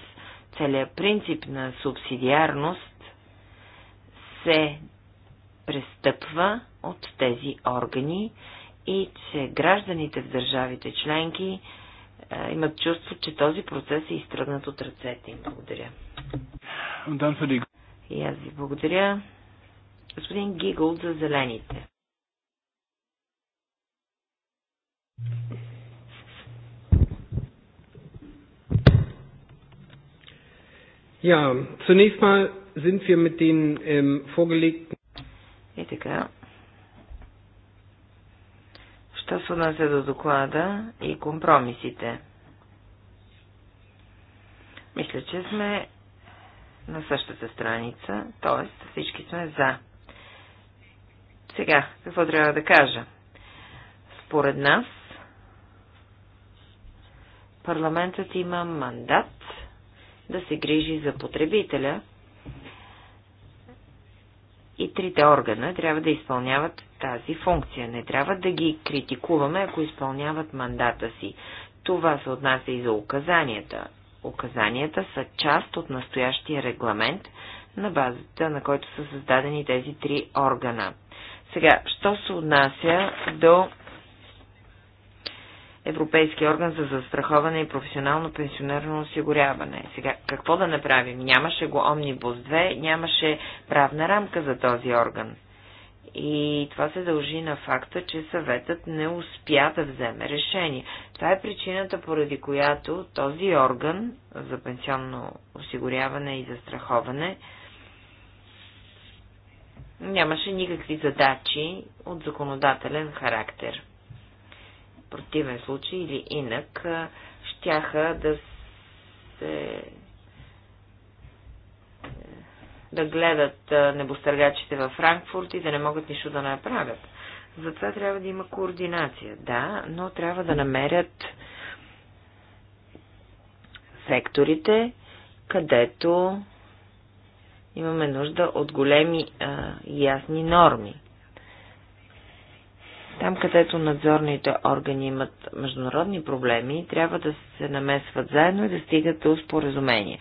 S4: целият принцип на субсидиарност се престъпва от тези органи, и че гражданите в държавите членки а, е, имат чувство, че този процес е изтръгнат от ръцете им. Благодаря. И аз ви благодаря. Господин Гигъл за зелените.
S1: Ja, zunächst mal sind wir mit den ähm,
S4: vorgelegten. Ja, Що се отнася до доклада и компромисите? Мисля, че сме на същата страница, т.е. всички сме за. Сега, какво трябва да кажа? Според нас, парламентът има мандат да се грижи за потребителя и трите органа трябва да изпълняват тази функция. Не трябва да ги критикуваме, ако изпълняват мандата си. Това се отнася и за указанията. Указанията са част от настоящия регламент, на базата на който са създадени тези три органа. Сега, що се отнася до Европейски орган за застраховане и професионално пенсионерно осигуряване. Сега, какво да направим? Нямаше го Омнибус 2, нямаше правна рамка за този орган. И това се дължи на факта, че съветът не успя да вземе решение. Това е причината, поради която този орган за пенсионно осигуряване и застраховане нямаше никакви задачи от законодателен характер. В противен случай или инак щяха да се да гледат небостъргачите във Франкфурт и да не могат нищо да направят. Затова трябва да има координация, да, но трябва да намерят секторите, където имаме нужда от големи а, ясни норми. Там, където надзорните органи имат международни проблеми, трябва да се намесват заедно и да стигат до споразумение.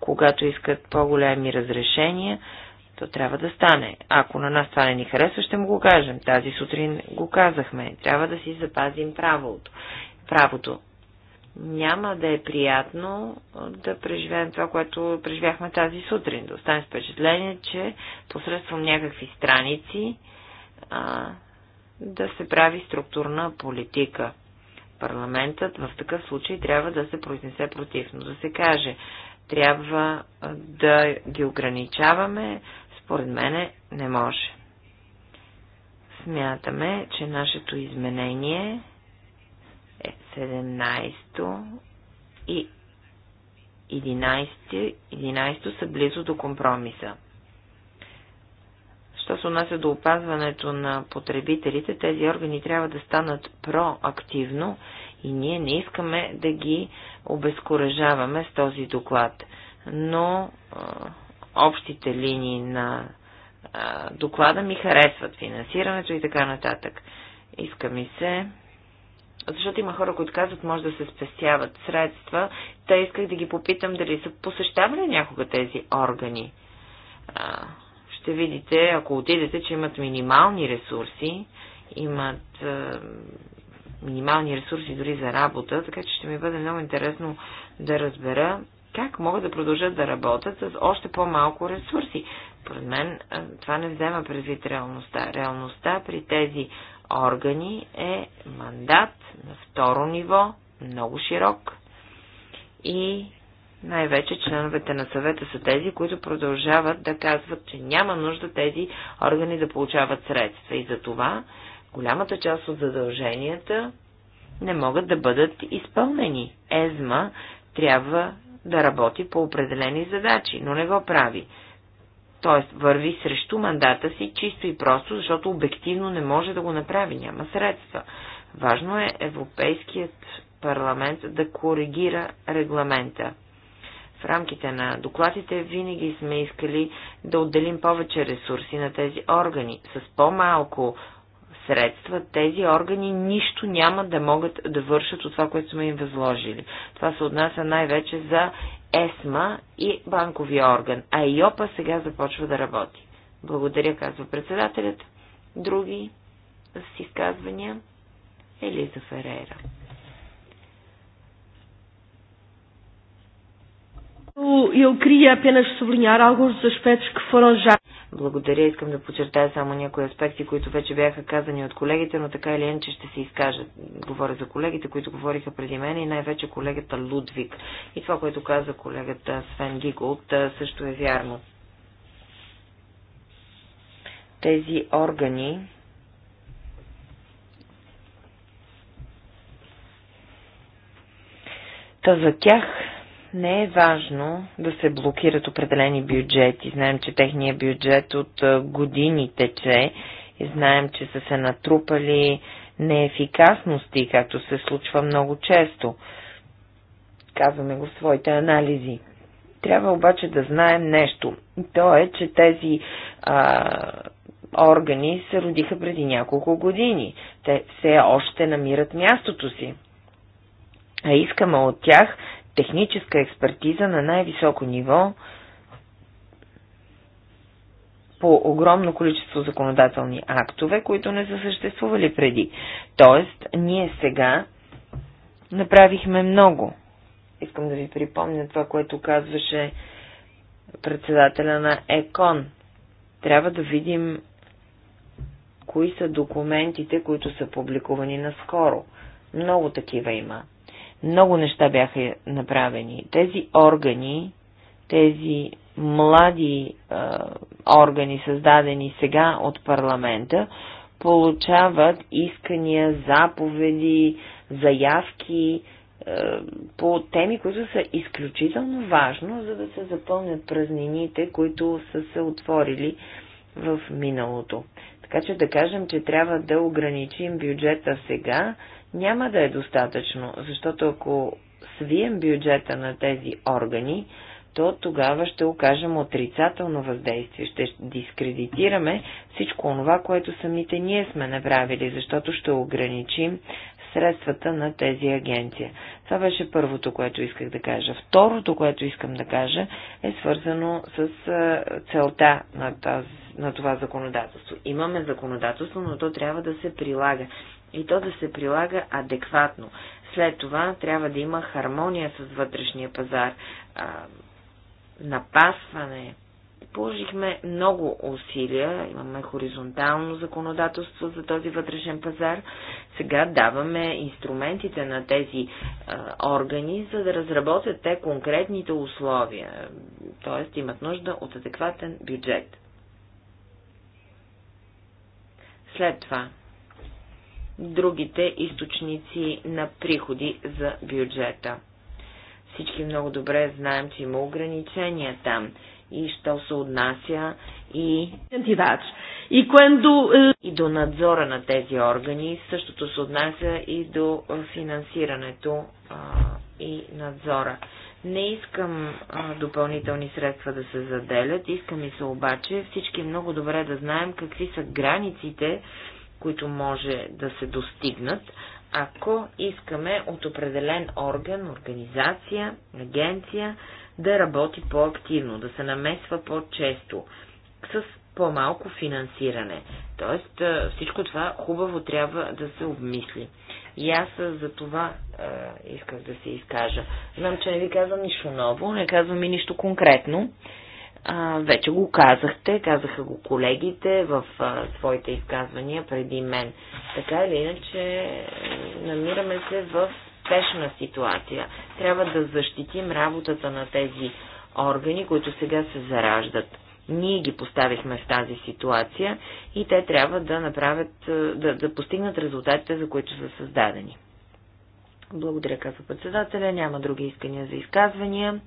S4: Когато искат по-големи разрешения, то трябва да стане. Ако на нас това не ни харесва, ще му го кажем. Тази сутрин го казахме. Трябва да си запазим правото. правото. Няма да е приятно да преживеем това, което преживяхме тази сутрин. Да остане впечатление, че посредством някакви страници а, да се прави структурна политика. Парламентът в такъв случай трябва да се произнесе против, но да се каже, трябва да ги ограничаваме, според мене не може. Смятаме, че нашето изменение е 17 и 11, 11 са близо до компромиса. Що се отнася до опазването на потребителите, тези органи трябва да станат проактивно и ние не искаме да ги обезкуражаваме с този доклад. Но а, общите линии на а, доклада ми харесват финансирането и така нататък. Иска ми се защото има хора, които казват, може да се спестяват средства. Та исках да ги попитам дали са посещавали някога тези органи. А, ще видите, ако отидете, че имат минимални ресурси, имат а, минимални ресурси дори за работа, така че ще ми бъде много интересно да разбера как могат да продължат да работят с още по-малко ресурси. Поред мен това не взема предвид реалността. Реалността при тези органи е мандат на второ ниво, много широк и най-вече членовете на съвета са тези, които продължават да казват, че няма нужда тези органи да получават средства. И за това Голямата част от задълженията не могат да бъдат изпълнени. ЕЗМА трябва да работи по определени задачи, но не го прави. Тоест, върви срещу мандата си чисто и просто, защото обективно не може да го направи, няма средства. Важно е Европейският парламент да коригира регламента. В рамките на докладите винаги сме искали да отделим повече ресурси на тези органи. С по-малко средства, тези органи нищо няма да могат да вършат от това, което сме им възложили. Това се отнася най-вече за ЕСМА и банковия орган, а ИОПА сега започва да работи. Благодаря, казва председателят. Други с изказвания? Елиза Ферейра. Eu queria apenas sublinhar alguns dos aspectos que foram já. Благодаря, искам да подчертая само някои аспекти, които вече бяха казани от колегите, но така или иначе ще се изкажат. Говоря за колегите, които говориха преди мен и най-вече колегата Лудвик. И това, което каза колегата Свен Гиголт, също е вярно. Тези органи, Та за тях не е важно да се блокират определени бюджети. Знаем, че техният бюджет от години тече и знаем, че са се натрупали неефикасности, както се случва много често. Казваме го в своите анализи. Трябва обаче да знаем нещо. то е, че тези а, органи се родиха преди няколко години. Те все още намират мястото си. А искаме от тях техническа експертиза на най-високо ниво по огромно количество законодателни актове, които не са съществували преди. Тоест, ние сега направихме много. Искам да ви припомня това, което казваше председателя на ЕКОН. Трябва да видим кои са документите, които са публикувани наскоро. Много такива има. Много неща бяха направени. Тези органи, тези млади е, органи, създадени сега от парламента, получават искания, заповеди, заявки е, по теми, които са изключително важно, за да се запълнят празнините, които са се отворили в миналото. Така че да кажем, че трябва да ограничим бюджета сега, няма да е достатъчно, защото ако свием бюджета на тези органи, то тогава ще окажем отрицателно въздействие, ще дискредитираме всичко това, което самите ние сме направили, защото ще ограничим средствата на тези агенция. Това беше първото, което исках да кажа. Второто, което искам да кажа, е свързано с целта на, тази, на това законодателство. Имаме законодателство, но то трябва да се прилага и то да се прилага адекватно. След това трябва да има хармония с вътрешния пазар, а, напасване. Положихме много усилия, имаме хоризонтално законодателство за този вътрешен пазар. Сега даваме инструментите на тези а, органи, за да разработят те конкретните условия, т.е. имат нужда от адекватен бюджет. След това другите източници на приходи за бюджета. Всички много добре знаем, че има ограничения там и що се отнася и, и, квенду... Е, и до надзора на тези органи, същото се отнася и до е, финансирането а, и надзора. Не искам а, допълнителни средства да се заделят, искам и се обаче всички много добре да знаем какви са границите които може да се достигнат, ако искаме от определен орган, организация, агенция да работи по-активно, да се намесва по-често, с по-малко финансиране. Тоест всичко това хубаво трябва да се обмисли. И аз за това е, исках да се изкажа. Знам, че не ви казвам нищо ново, не казвам и нищо конкретно. А, вече го казахте, казаха го колегите в а, своите изказвания преди мен. Така или иначе, намираме се в спешна ситуация. Трябва да защитим работата на тези органи, които сега се зараждат. Ние ги поставихме в тази ситуация и те трябва да направят, да, да постигнат резултатите, за които са създадени. Благодаря, казва председателя. Няма други искания за изказвания.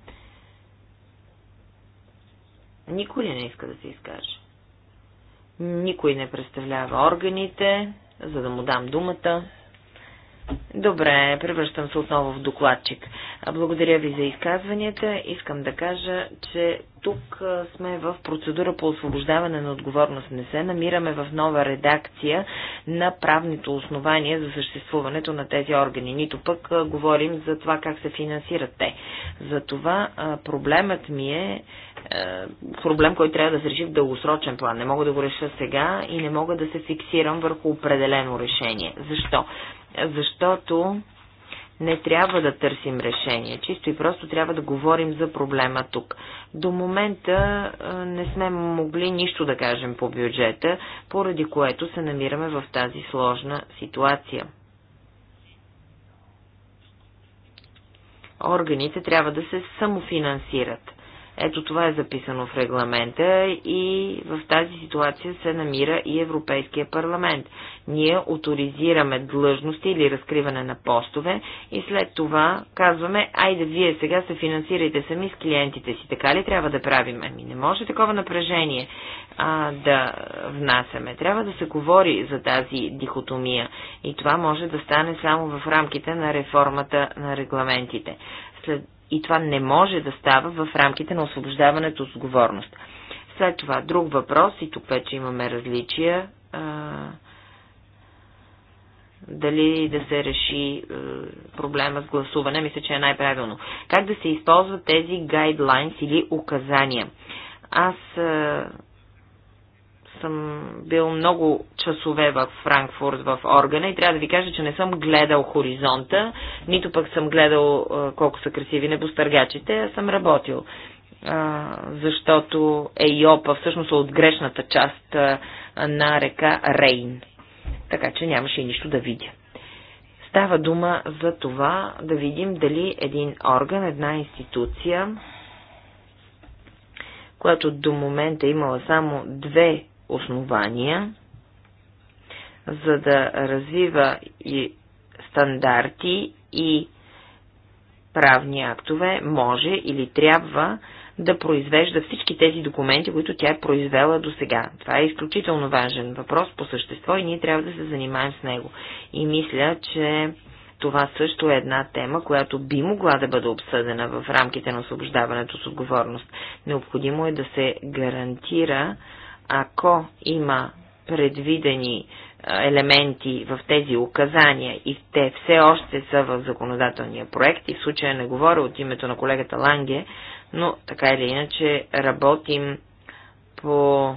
S4: Никой не иска да се изкаже? Никой не представлява органите, за да му дам думата. Добре, превръщам се отново в докладчик. Благодаря ви за изказванията. Искам да кажа, че тук сме в процедура по освобождаване на отговорност. Не се намираме в нова редакция на правното основания за съществуването на тези органи. Нито пък говорим за това как се финансират те. Затова проблемът ми е, е, проблем, който трябва да се реши в дългосрочен план. Не мога да го реша сега и не мога да се фиксирам върху определено решение. Защо? Защото не трябва да търсим решение. Чисто и просто трябва да говорим за проблема тук. До момента е, не сме могли нищо да кажем по бюджета, поради което се намираме в тази сложна ситуация. Органите трябва да се самофинансират. Ето това е записано в регламента и в тази ситуация се намира и Европейския парламент. Ние авторизираме длъжности или разкриване на постове и след това казваме, айде вие сега се финансирайте сами с клиентите си. Така ли трябва да правим? Ами не може такова напрежение а, да внасяме. Трябва да се говори за тази дихотомия и това може да стане само в рамките на реформата на регламентите. След и това не може да става в рамките на освобождаването от отговорност. След това друг въпрос, и тук вече имаме различия, а, дали да се реши а, проблема с гласуване, мисля, че е най-правилно. Как да се използват тези гайдлайнс или указания? Аз а, съм бил много часове в Франкфурт, в органа и трябва да ви кажа, че не съм гледал хоризонта, нито пък съм гледал колко са красиви небостъргачите, а съм работил. Защото Ейопа всъщност е от грешната част на река Рейн. Така че нямаше и нищо да видя. Става дума за това да видим дали един орган, една институция, която до момента е имала само две основания, за да развива и стандарти и правни актове, може или трябва да произвежда всички тези документи, които тя е произвела до сега. Това е изключително важен въпрос по същество и ние трябва да се занимаем с него. И мисля, че това също е една тема, която би могла да бъде обсъдена в рамките на освобождаването с отговорност. Необходимо е да се гарантира ако има предвидени е, елементи в тези указания и те все още са в законодателния проект, и в случая не говоря от името на колегата Ланге, но така или иначе работим по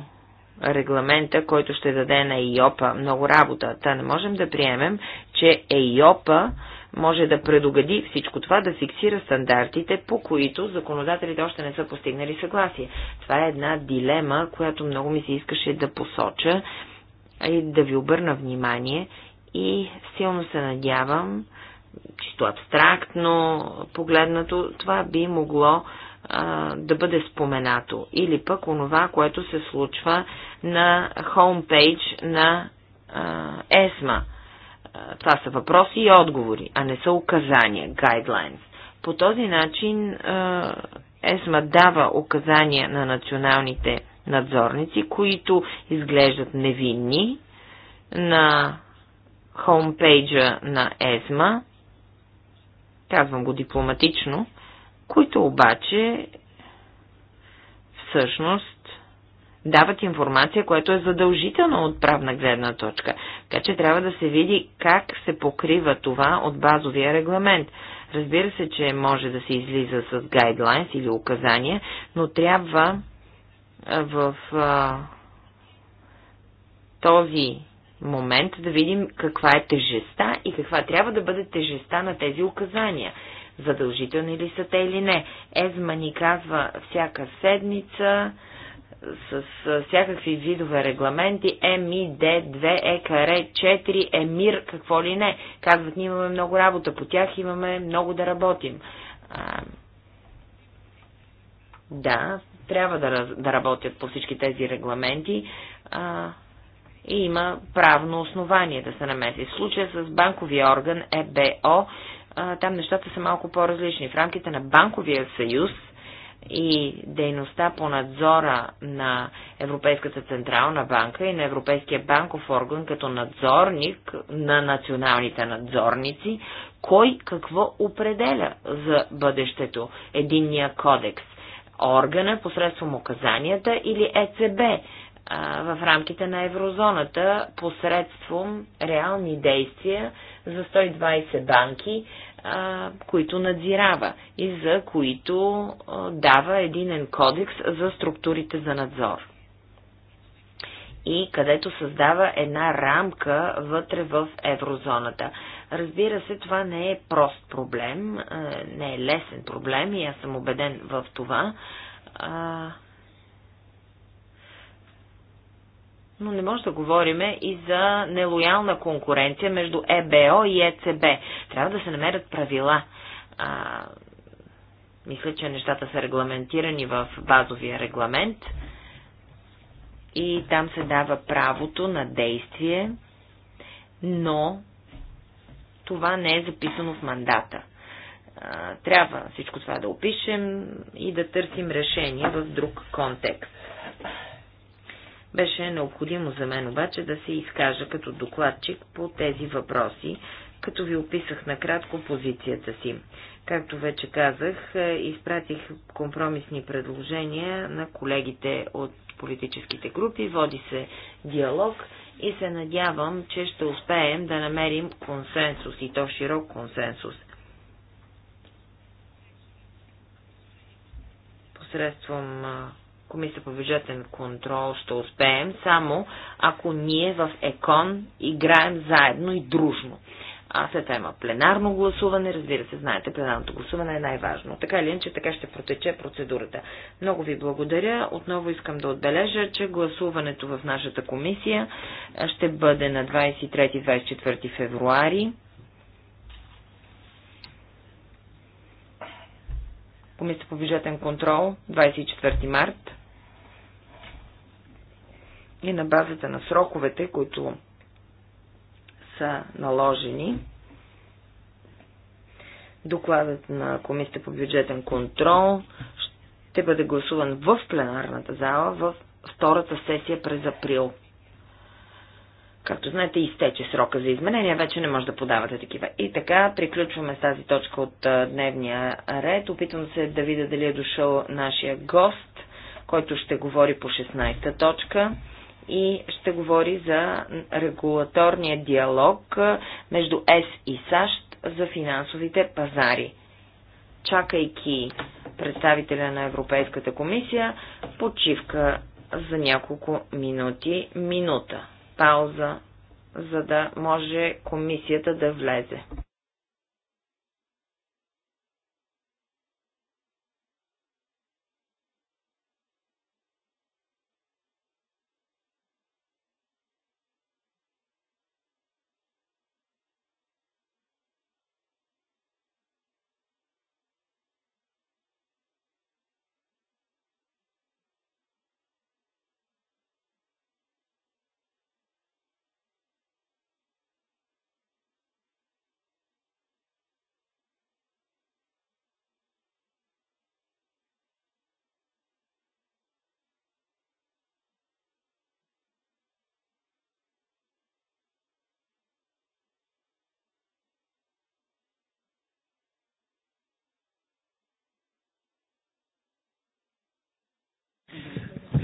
S4: регламента, който ще даде на ИОПа много работа. Та не можем да приемем, че ЕИОПа може да предугади всичко това, да фиксира стандартите, по които законодателите още не са постигнали съгласие. Това е една дилема, която много ми се искаше да посоча и да ви обърна внимание и силно се надявам, чисто абстрактно погледнато, това би могло а, да бъде споменато. Или пък онова, което се случва на хоумпейдж на а, ЕСМА това са въпроси и отговори, а не са указания, guidelines. По този начин ЕСМА дава указания на националните надзорници, които изглеждат невинни на хомпейджа на ЕСМА, казвам го дипломатично, които обаче всъщност дават информация, което е задължително от правна гледна точка. Така че трябва да се види как се покрива това от базовия регламент. Разбира се, че може да се излиза с гайдлайнс или указания, но трябва в а, този момент да видим каква е тежеста и каква трябва да бъде тежеста на тези указания. Задължителни ли са те или не? Езма ни казва всяка седмица, с, с всякакви видове регламенти, ЕМИ, Д2, ЕКР, 4, ЕМИР, какво ли не. Казват, ние имаме много работа по тях, имаме много да работим. А, да, трябва да, да работят по всички тези регламенти а, и има правно основание да се намеси. В случая с банковия орган ЕБО, а, там нещата са малко по-различни. В рамките на банковия съюз, а, и дейността по надзора на Европейската централна банка и на Европейския банков орган като надзорник на националните надзорници, кой какво определя за бъдещето? Единния кодекс. Органа посредством указанията или ЕЦБ в рамките на еврозоната посредством реални действия за 120 банки, а, които надзирава и за които а, дава единен кодекс за структурите за надзор. И където създава една рамка вътре в еврозоната. Разбира се, това не е прост проблем, не е лесен проблем и аз съм убеден в това. но не може да говорим и за нелоялна конкуренция между ЕБО и ЕЦБ. Трябва да се намерят правила. А, мисля, че нещата са регламентирани в базовия регламент и там се дава правото на действие, но това не е записано в мандата. А, трябва всичко това да опишем и да търсим решение в друг контекст. Беше необходимо за мен обаче да се изкажа като докладчик по тези въпроси, като ви описах накратко позицията си. Както вече казах, е, изпратих компромисни предложения на колегите от политическите групи, води се диалог и се надявам, че ще успеем да намерим консенсус и то широк консенсус. Посредством е, Комисия по бюджетен контрол ще успеем, само ако ние в ЕКОН играем заедно и дружно. А след това има пленарно гласуване, разбира се, знаете, пленарното гласуване е най-важно. Така или иначе, така ще протече процедурата. Много ви благодаря. Отново искам да отбележа, че гласуването в нашата комисия ще бъде на 23-24 февруари. Комисия по бюджетен контрол 24 март и на базата на сроковете, които са наложени, докладът на Комисията по бюджетен контрол ще бъде гласуван в пленарната зала в втората сесия през април. Както знаете, изтече срока за изменения, вече не може да подавате такива. И така, приключваме с тази точка от дневния ред. Опитвам се да видя дали е дошъл нашия гост, който ще говори по 16-та точка и ще говори за регулаторния диалог между ЕС и САЩ за финансовите пазари. Чакайки представителя на Европейската комисия, почивка за няколко минути, минута, пауза, за да може комисията да влезе.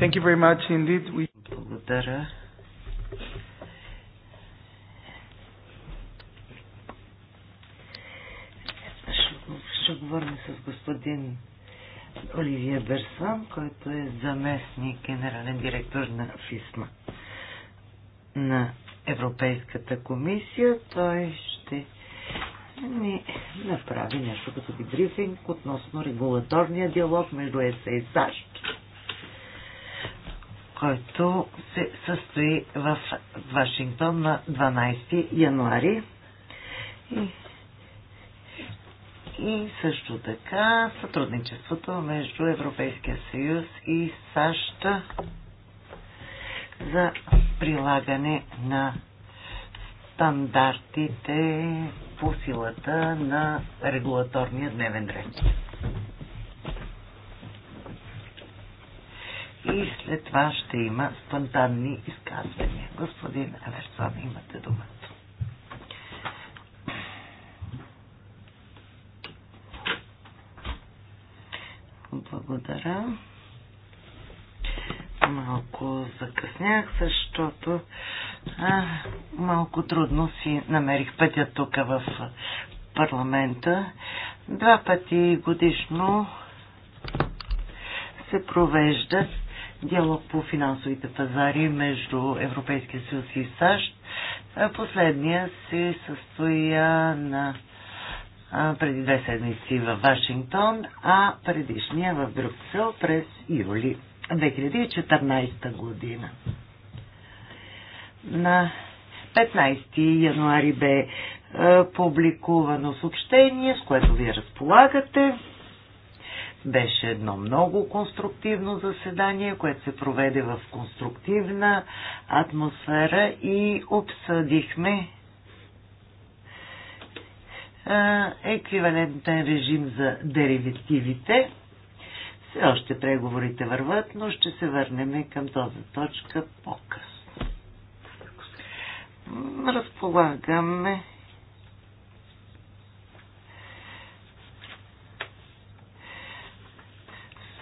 S2: Thank you very much indeed. We... Благодаря. Ще говорим с господин Оливия Берсан, който е заместник генерален директор на ФИСМА на Европейската комисия. Той ще ни направи нещо като брифинг относно регулаторния диалог между ЕСА и САЩ който се състои в Вашингтон на 12 януари. И, и също така сътрудничеството между Европейския съюз и САЩ за прилагане на стандартите по силата на регулаторния дневен ред. и след това ще има спонтанни изказвания. Господин Алерсон, имате думата. Благодаря. Малко закъснях, защото а, малко трудно си намерих пътя тук в парламента. Два пъти годишно се провеждат диалог по финансовите пазари между Европейския съюз и САЩ. Последния се състоя на преди две седмици в Вашингтон, а предишния в Брюксел през юли 2014 година. На 15 януари бе публикувано съобщение, с което вие разполагате. Беше едно много конструктивно заседание, което се проведе в конструктивна атмосфера и обсъдихме еквивалентен режим за деривативите. Все още преговорите върват, но ще се върнем към този точка по-късно. Разполагаме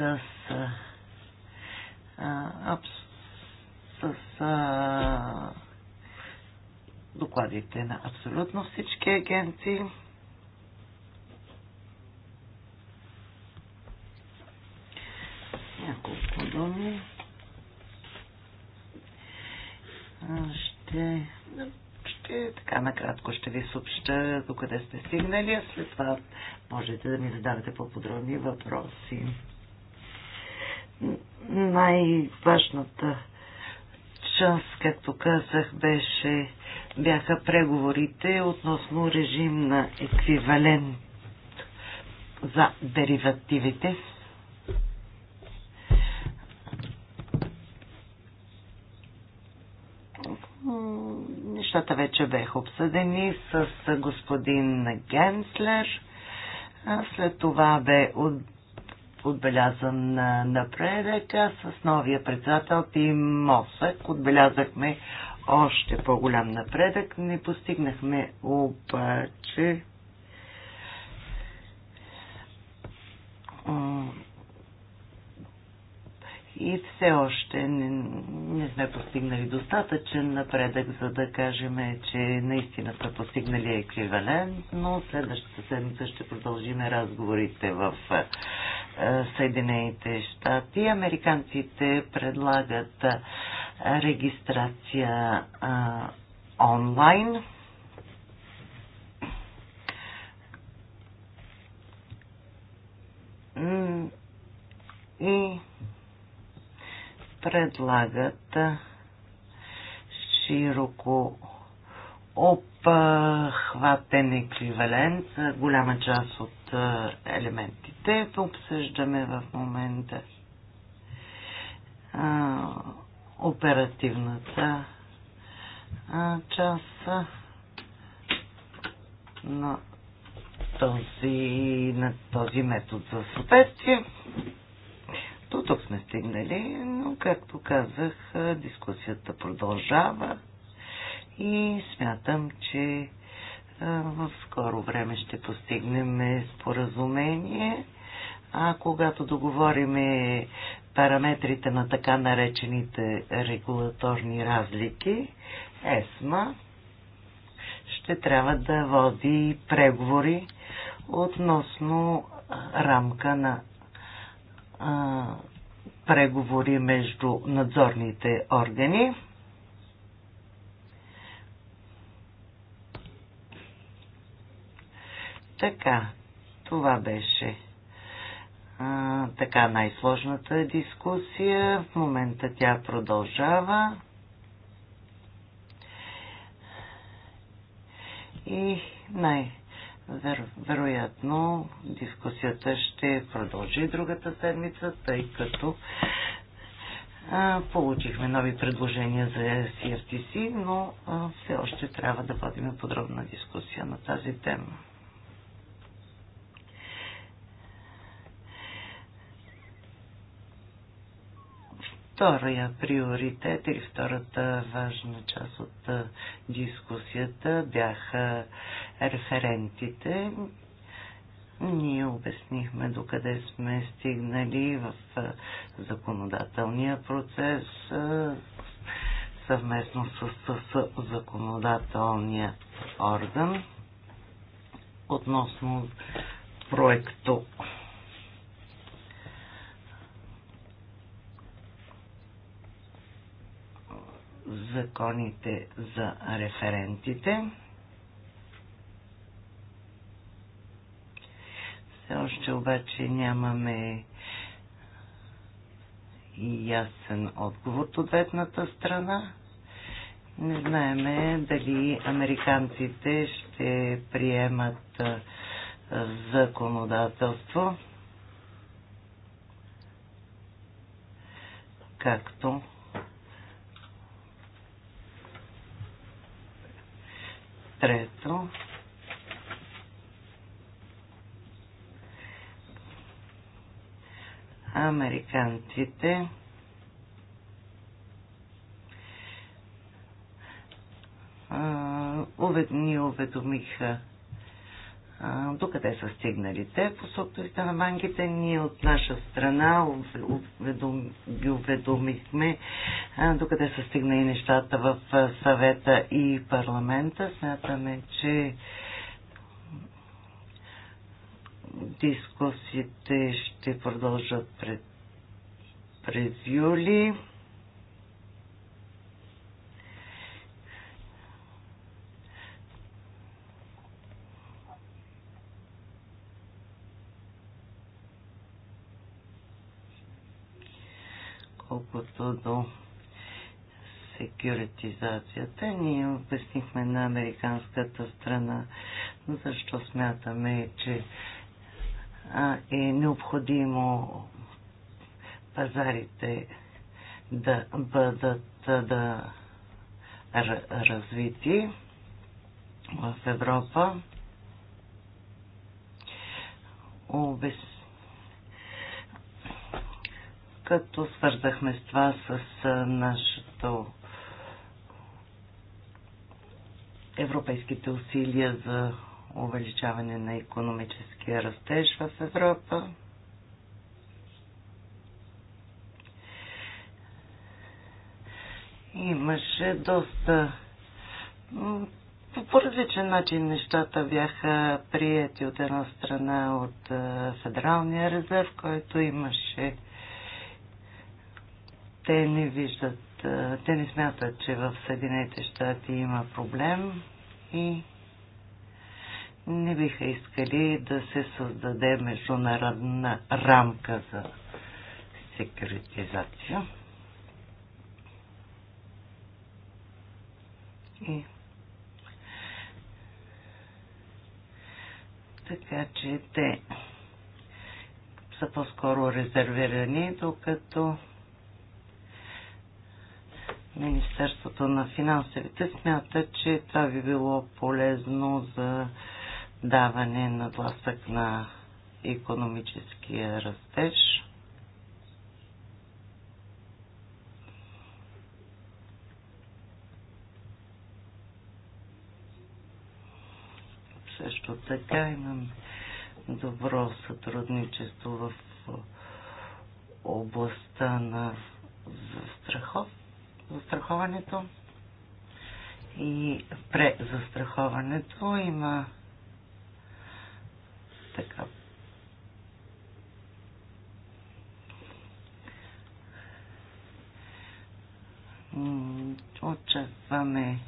S2: с, абс, с а, докладите на абсолютно всички агенции.
S1: Няколко думи.
S2: Ще, ще така накратко ще ви съобща до къде сте стигнали, а след това можете да ми задавате по-подробни въпроси най-важната част, както казах, беше, бяха преговорите относно режим на еквивалент за деривативите. Нещата вече бяха обсъдени с господин Генслер. След това бе от отбелязан напредък, а с новия председател Тим Мосък отбелязахме още по-голям напредък. Не постигнахме обаче и все още не, не сме постигнали достатъчен напредък, за да кажем, че наистина сме постигнали еквивалент, но следващата седмица ще продължим разговорите в е, Съединените щати. Американците предлагат е, регистрация а, е, онлайн. И предлагат широко обхватен еквивалент за голяма част от елементите. Обсъждаме в момента оперативната част на този, на този метод за съответствие. До тук сме стигнали, но както казах, дискусията продължава и смятам, че в скоро време ще постигнем споразумение. А когато договорим параметрите на така наречените регулаторни разлики, ЕСМА ще трябва да води преговори относно рамка на а, преговори между надзорните органи. Така, това беше а, така най-сложната дискусия. В момента тя продължава. И най- Веро, вероятно дискусията ще продължи другата седмица, тъй като а, получихме нови предложения за CFTC, но а, все още трябва да водим подробна дискусия на тази тема. Втория приоритет или втората важна част от дискусията бяха референтите. Ние обяснихме докъде сме стигнали в законодателния процес съвместно с, с, с законодателния орган относно проекто законите за референтите. Все още обаче нямаме и ясен отговор от ответната страна. Не знаеме дали американците ще приемат законодателство, както Трето. Американците ни уведомиха докъде са стигнали те по структурите на банките. Ние от наша страна ги уведомихме докъде са стигнали нещата в съвета и парламента. Смятаме, че дискусиите ще продължат пред през юли. Колкото до секюритизацията, ние обяснихме на американската страна, защо смятаме, че е необходимо пазарите да бъдат да развити в Европа. Обяс като свързахме с това с нашето европейските усилия за увеличаване на економическия растеж в Европа. Имаше доста по различен начин нещата бяха прияти от една страна от Федералния резерв, който имаше те не виждат, те не смятат, че в Съединените щати има проблем и не биха искали да се създаде международна рамка за секретизация. И... Така че те са по-скоро резервирани, докато Министерството на финансовите смята, че това би било полезно за даване на тласък на економическия растеж. Също така имам добро сътрудничество в областта на застраховка застраховането и презастраховането има така очакваме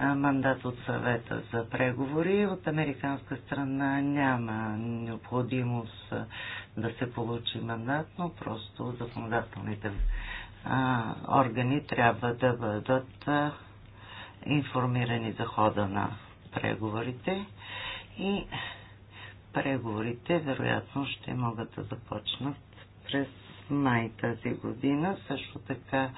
S2: мандат от съвета за преговори. От американска страна няма необходимост да се получи мандат, но просто законодателните органи трябва да бъдат информирани за хода на преговорите и преговорите вероятно ще могат да започнат през май тази година. Също така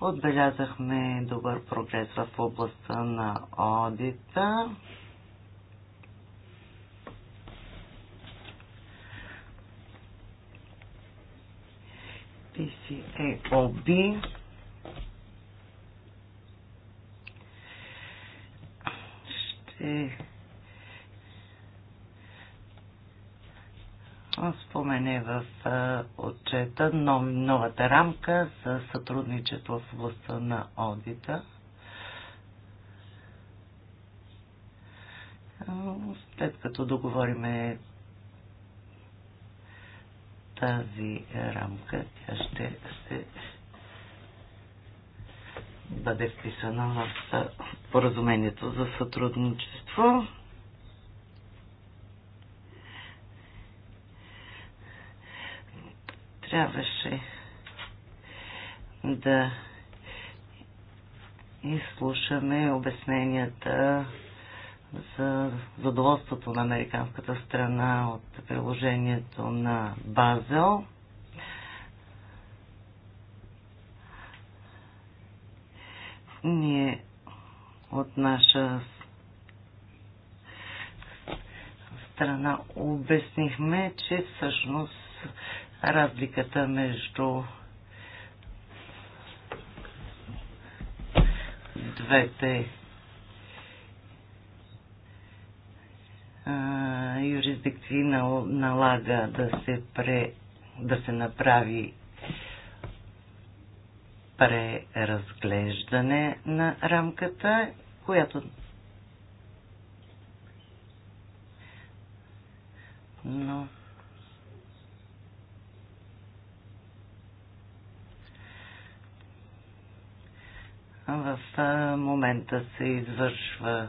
S2: отбелязахме добър прогрес в областта на одита. CCAOB. Е Ще спомене в отчета новата рамка за сътрудничество в областта на аудита. След като договориме тази рамка тя ще се бъде вписана в поразумението за сътрудничество. Трябваше да изслушаме обясненията за задоволството на американската страна от приложението на Базел. Ние от наша страна обяснихме, че всъщност разликата между двете юрисдикции налага да се, пре, да се направи преразглеждане на рамката, която но в момента се извършва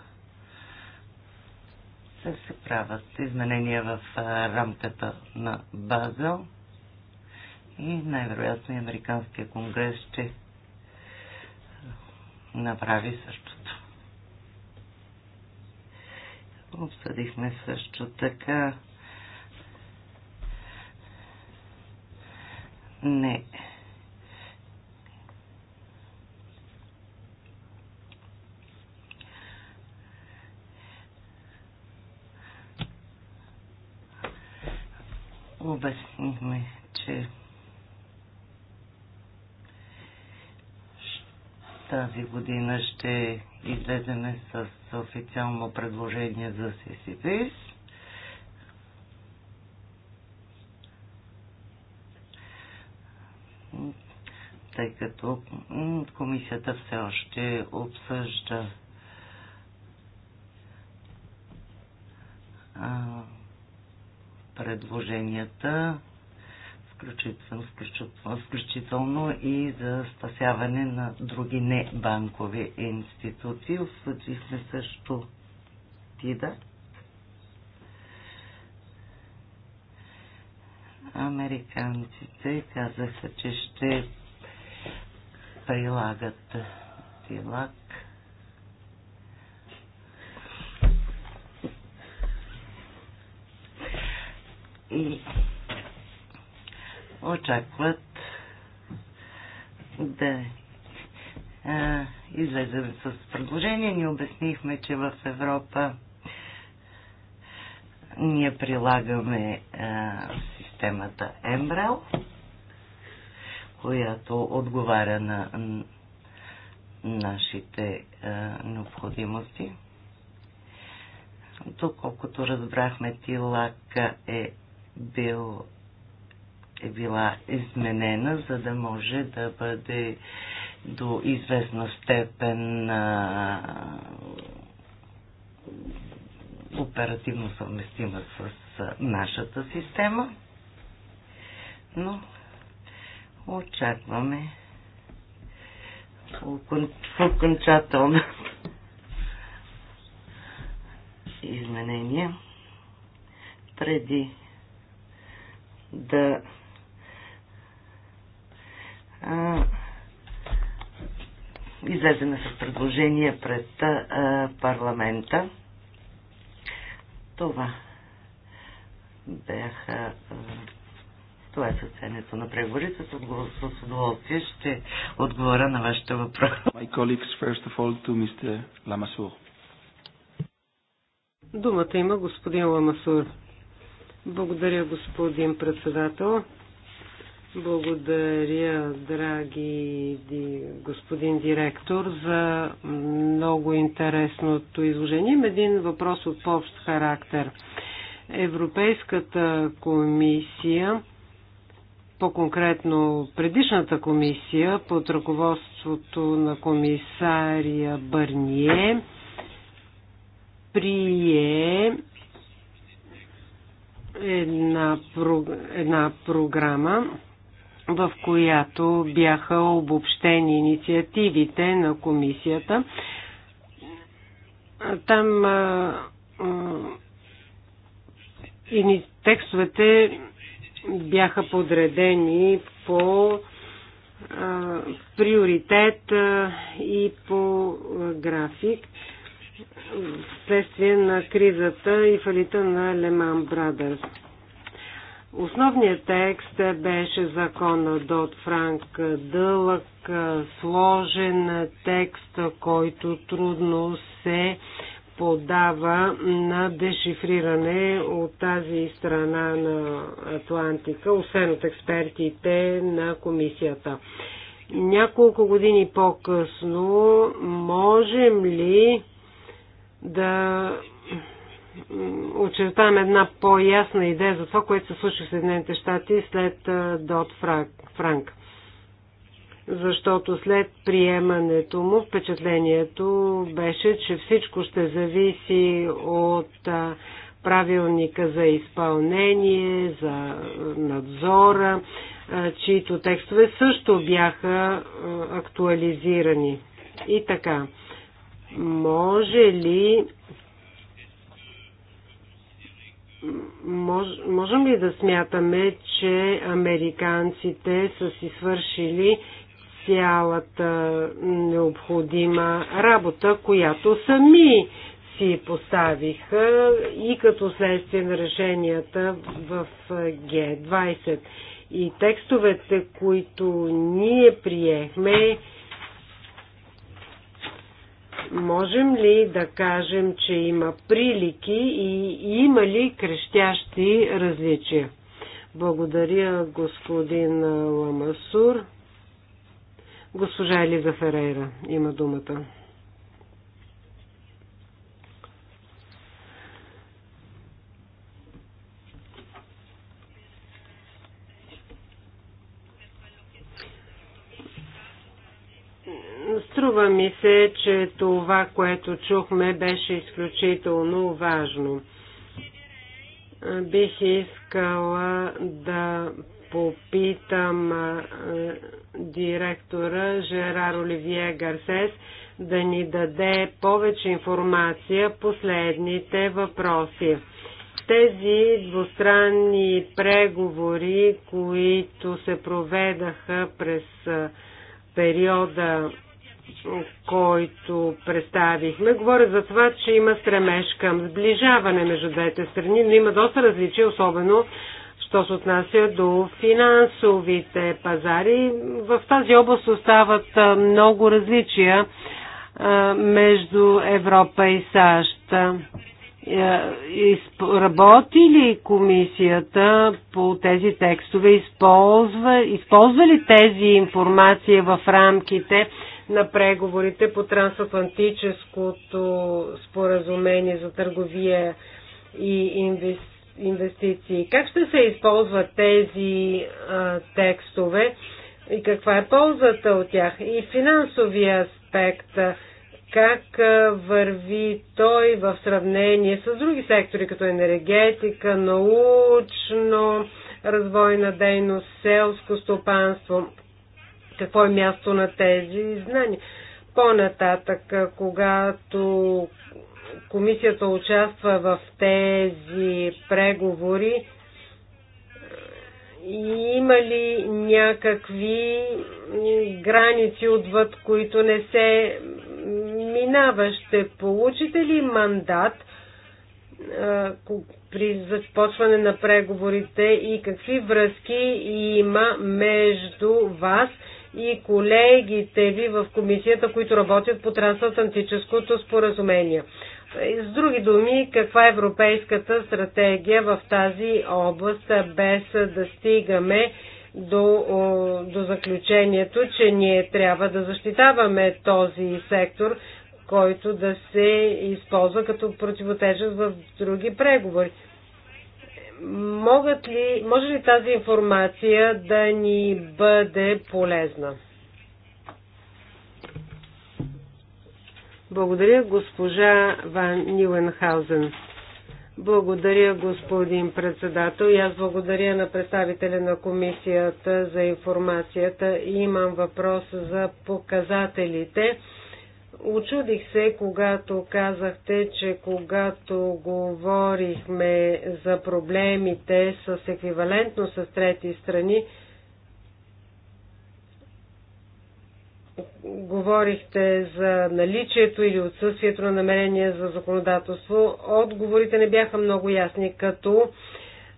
S2: се правят изменения в рамката на Базел и най-вероятно и Американския конгрес ще направи същото. Обсъдихме също така не обяснихме, че тази година ще излезем с официално предложение за ССПС. Тъй като комисията все още обсъжда предложенията, включително, включително, включително и за спасяване на други небанкови институции. Включихме също ТИДА. Американците казаха, че ще прилагат ТИЛАК и очакват да а, излезем с предложение. ни обяснихме, че в Европа ние прилагаме а, системата Embrel, която отговаря на нашите а, необходимости. Доколкото разбрахме, Тилака е бил, е била изменена, за да може да бъде до известна степен а, оперативно съвместима с а, нашата система. Но очакваме окончателно изменение преди да излеземе с предложение пред а, парламента. Това бяха. А, това е съценето на преговорите. С удоволствие ще отговоря на вашите въпроси.
S3: Думата има господин Ламасур. Благодаря, господин председател. Благодаря, драги господин директор, за много интересното изложение. Има един въпрос от общ характер. Европейската комисия, по-конкретно предишната комисия под ръководството на комисария Бърние, прие една, една програма, в която бяха обобщени инициативите на комисията. Там а, а, и текстовете бяха подредени по а, приоритет а, и по а, график. А, следствие на кризата и фалита на Леман Брадърс. Основният текст беше закона Дот Франк, дълъг, сложен текст, който трудно се подава на дешифриране от тази страна на Атлантика, освен от експертите на комисията. Няколко години по-късно можем ли да очертаем една по-ясна идея за това, което се случи в Съединените щати след Дот Франк. Защото след приемането му впечатлението беше, че всичко ще зависи от правилника за изпълнение, за надзора, чието текстове също бяха актуализирани. И така. Може ли мож, можем ли да смятаме, че американците са си свършили цялата необходима работа, която сами си поставиха и като следствие на решенията в Г20. И текстовете, които ние приехме,
S1: Можем ли да кажем,
S3: че има прилики и има ли крещящи различия? Благодаря, господин Ламасур. Госпожа Елиза Ферейра има думата. Струва ми се, че това, което чухме, беше изключително важно. Бих искала да попитам директора Жерар Оливие Гарсес да ни даде повече информация по следните въпроси. Тези двустранни преговори, които се проведаха през периода който представихме, говоря за това, че има стремеж към сближаване между двете страни, но има доста различия, особено що се отнася до финансовите пазари. В тази област остават много различия между Европа и САЩ. Работи ли комисията по тези текстове? Използва, използва ли тези информации в рамките на преговорите по трансатлантическото споразумение за търговия и инвестиции. Как ще се използват тези а, текстове и каква е ползата от тях? И финансовия аспект, как върви той в сравнение с други сектори, като енергетика, научно, развойна дейност, селско стопанство какво е място на тези знания. По-нататък, когато комисията участва в тези преговори, има ли някакви граници отвъд, които не се минава? Ще получите ли мандат при започване на преговорите и какви връзки има между вас – и колегите ви в комисията, които работят по трансатлантическото споразумение. С други думи, каква е европейската стратегия в тази област, без да стигаме до, до заключението, че ние трябва да защитаваме този сектор, който да се използва като противотежест в други преговори могат ли, може ли тази информация да ни бъде полезна? Благодаря, госпожа Ван Нюенхаузен. Благодаря, господин председател. И аз благодаря на представителя на комисията за информацията. Имам въпрос за показателите Очудих се, когато казахте, че когато говорихме за проблемите с еквивалентно с трети страни, говорихте за наличието или отсъствието на намерение за законодателство, отговорите не бяха много ясни, като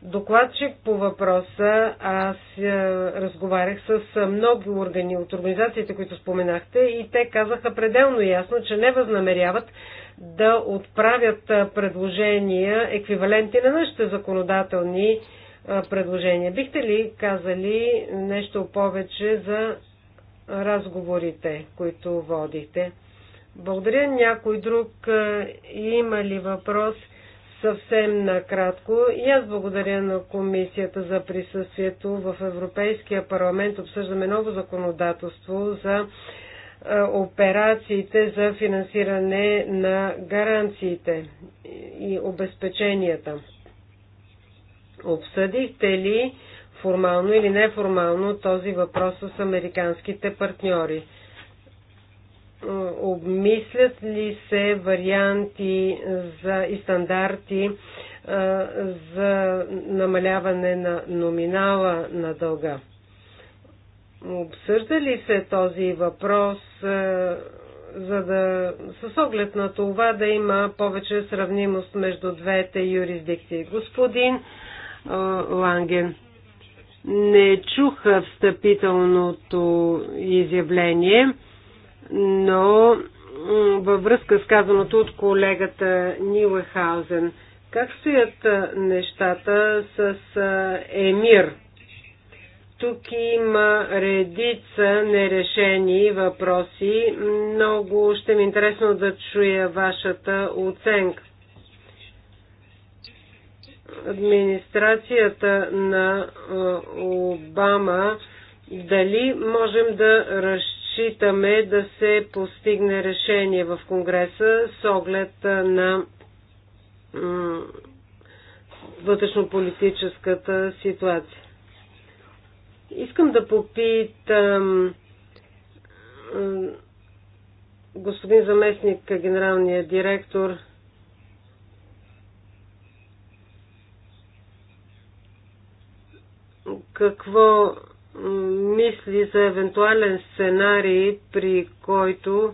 S3: докладчик по въпроса. Аз е, разговарях с много органи от организациите, които споменахте и те казаха пределно ясно, че не възнамеряват да отправят е, предложения еквиваленти на нашите законодателни е, предложения. Бихте ли казали нещо повече за разговорите, които водихте? Благодаря. Някой друг има ли въпрос? Съвсем накратко и аз благодаря на комисията за присъствието в Европейския парламент. Обсъждаме ново законодателство за операциите за финансиране на гаранциите и обезпеченията. Обсъдихте ли формално или неформално този въпрос с американските партньори? обмислят ли се варианти за, и стандарти за намаляване на номинала на дълга? Обсъжда ли се този въпрос за да, с оглед на това да има повече сравнимост между двете юрисдикции. Господин Ланген, не чуха встъпителното изявление но във връзка с казаното от колегата Нилехаузен, как стоят нещата с Емир? Тук има редица нерешени въпроси. Много ще ми е интересно да чуя вашата оценка. Администрацията на Обама дали можем да разчитаме Считаме да се постигне решение в Конгреса с оглед на вътрешнополитическата ситуация. Искам да попитам господин заместник, генералния директор, какво мисли за евентуален сценарий, при който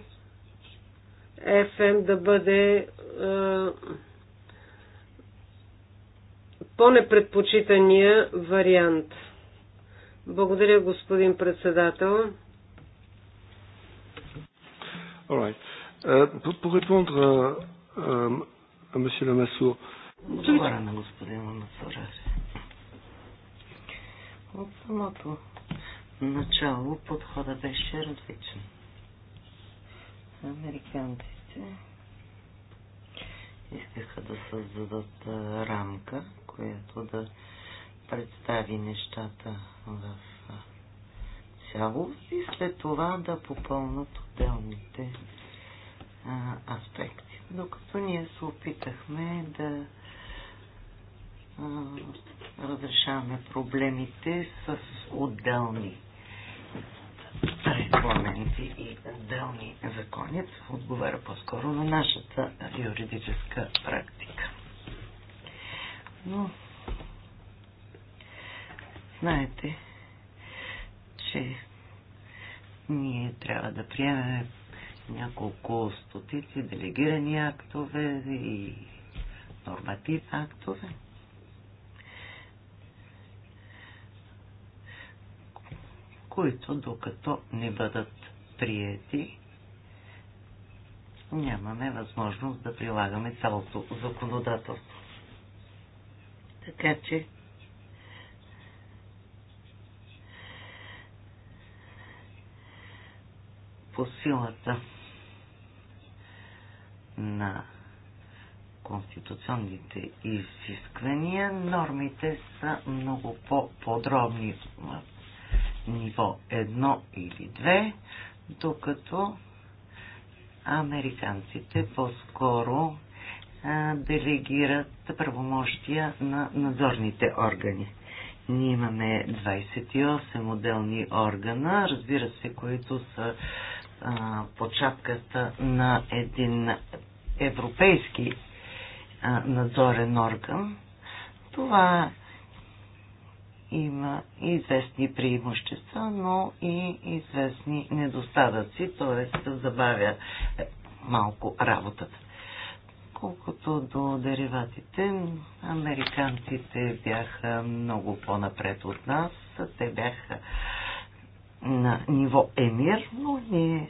S3: FM да бъде а, по-непредпочитания вариант. Благодаря, господин председател.
S1: Alright. Е, е, е, на господин Ламасур.
S2: От самото начало подхода беше различен. Американците искаха да създадат рамка, която да представи нещата в цялост и след това да попълнат отделните аспекти. Докато ние се опитахме да разрешаваме проблемите с отделни регламенти и отделни закони отговаря по-скоро на нашата юридическа практика. Но знаете, че ние трябва да приемем няколко стотици делегирани актове и норматив актове. които докато не бъдат приети, нямаме възможност да прилагаме цялото законодателство. Така че по силата на конституционните изисквания, нормите са много по-подробни ниво 1 или 2, докато американците по-скоро делегират правомощия на надзорните органи. Ние имаме 28 отделни органа, разбира се, които са а, на един европейски а, надзорен орган. Това има известни преимущества, но и известни недостатъци, т.е. забавя малко работата. Колкото до дериватите, американците бяха много по-напред от нас. Те бяха на ниво емир, но ние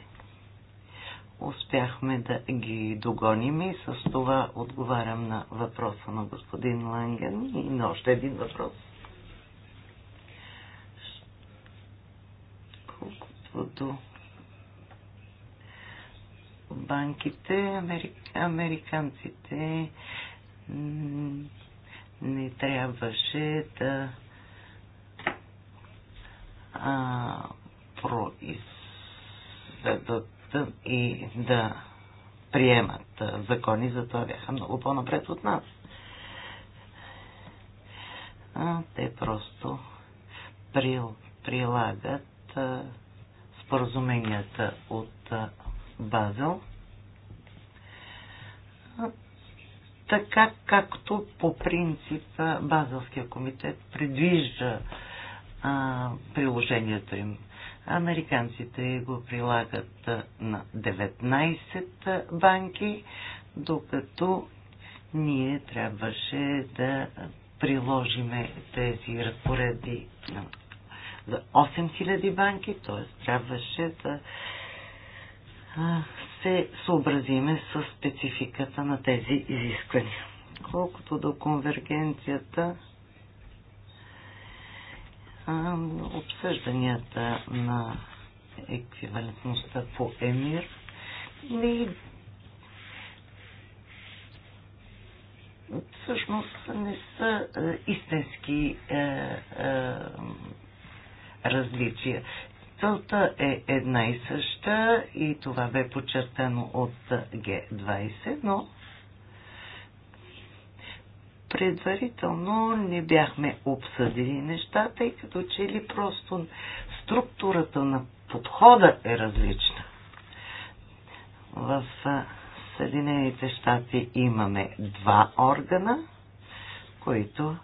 S2: успяхме да ги догоним и с това отговарям на въпроса на господин Ланген и на още един въпрос правителството. Банките, америк... американците не трябваше да а, произведат и да приемат закони, затова бяха много по-напред от нас. А, те просто прил, прилагат а, споразуменията от Базел. Така както по принцип Базелския комитет предвижда а, приложението им. Американците го прилагат на 19 банки, докато ние трябваше да приложиме тези разпореди на за 8000 банки, т.е. трябваше да се съобразиме с спецификата на тези изисквания. Колкото до конвергенцията, обсъжданията на еквивалентността по ЕМИР и всъщност не са истински е, е, различия. Целта е една и съща и това бе подчертано от Г20, но предварително не бяхме обсъдили нещата и като че ли просто структурата на подхода е различна. В Съединените щати имаме два органа, които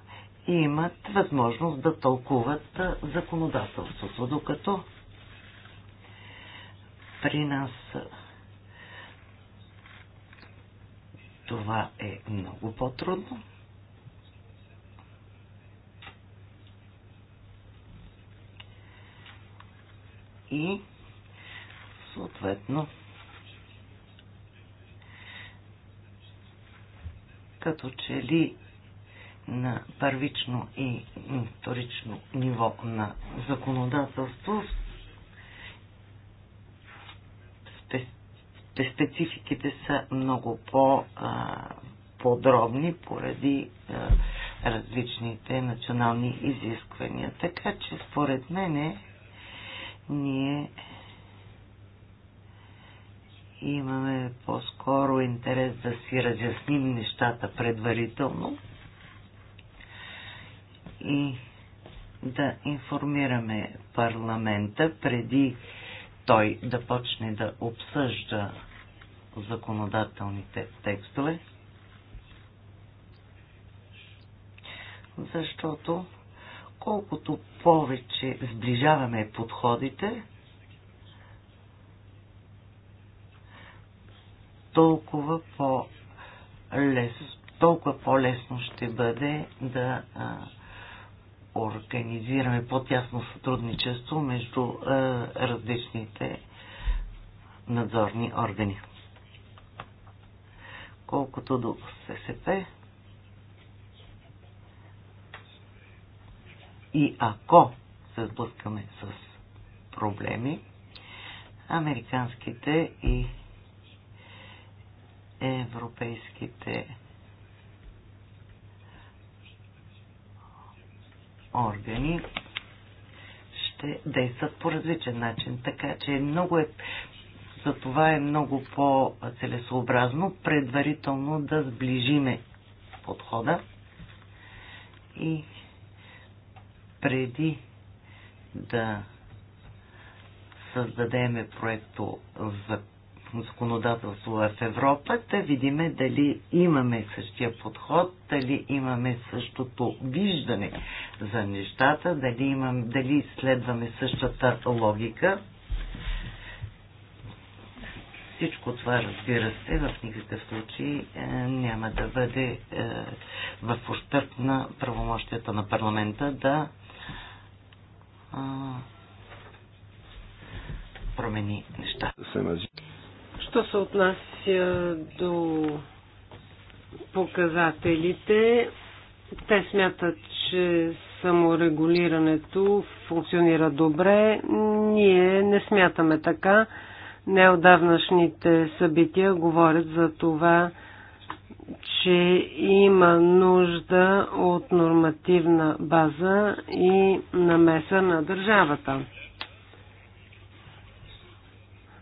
S2: имат възможност да тълкуват законодателството, докато при нас това е много по-трудно. И съответно като че ли на първично и вторично ниво на законодателство спецификите са много по- подробни поради различните национални изисквания. Така че според мене ние имаме по-скоро интерес да си разясним нещата предварително, и да информираме парламента преди той да почне да обсъжда законодателните текстове, защото колкото повече сближаваме подходите, толкова по-лесно толкова по-лесно ще бъде да а, организираме по-тясно сътрудничество между е, различните надзорни органи. Колкото до ССП и ако се сблъскаме с проблеми, американските и европейските органи ще действат по различен начин. Така че много е, за това е много по-целесообразно предварително да сближиме подхода и преди да създадеме проекто за законодателство в Европа, да видиме дали имаме същия подход, дали имаме същото виждане за нещата, дали, имам, дали следваме същата логика. Всичко това, разбира се, в никакъв случай е, няма да бъде е, в ущърп на правомощията на парламента да е, промени неща.
S3: Що се отнася до показателите, те смятат, че саморегулирането функционира добре. Ние не смятаме така. Неодавнашните събития говорят за това, че има нужда от нормативна база и намеса на държавата.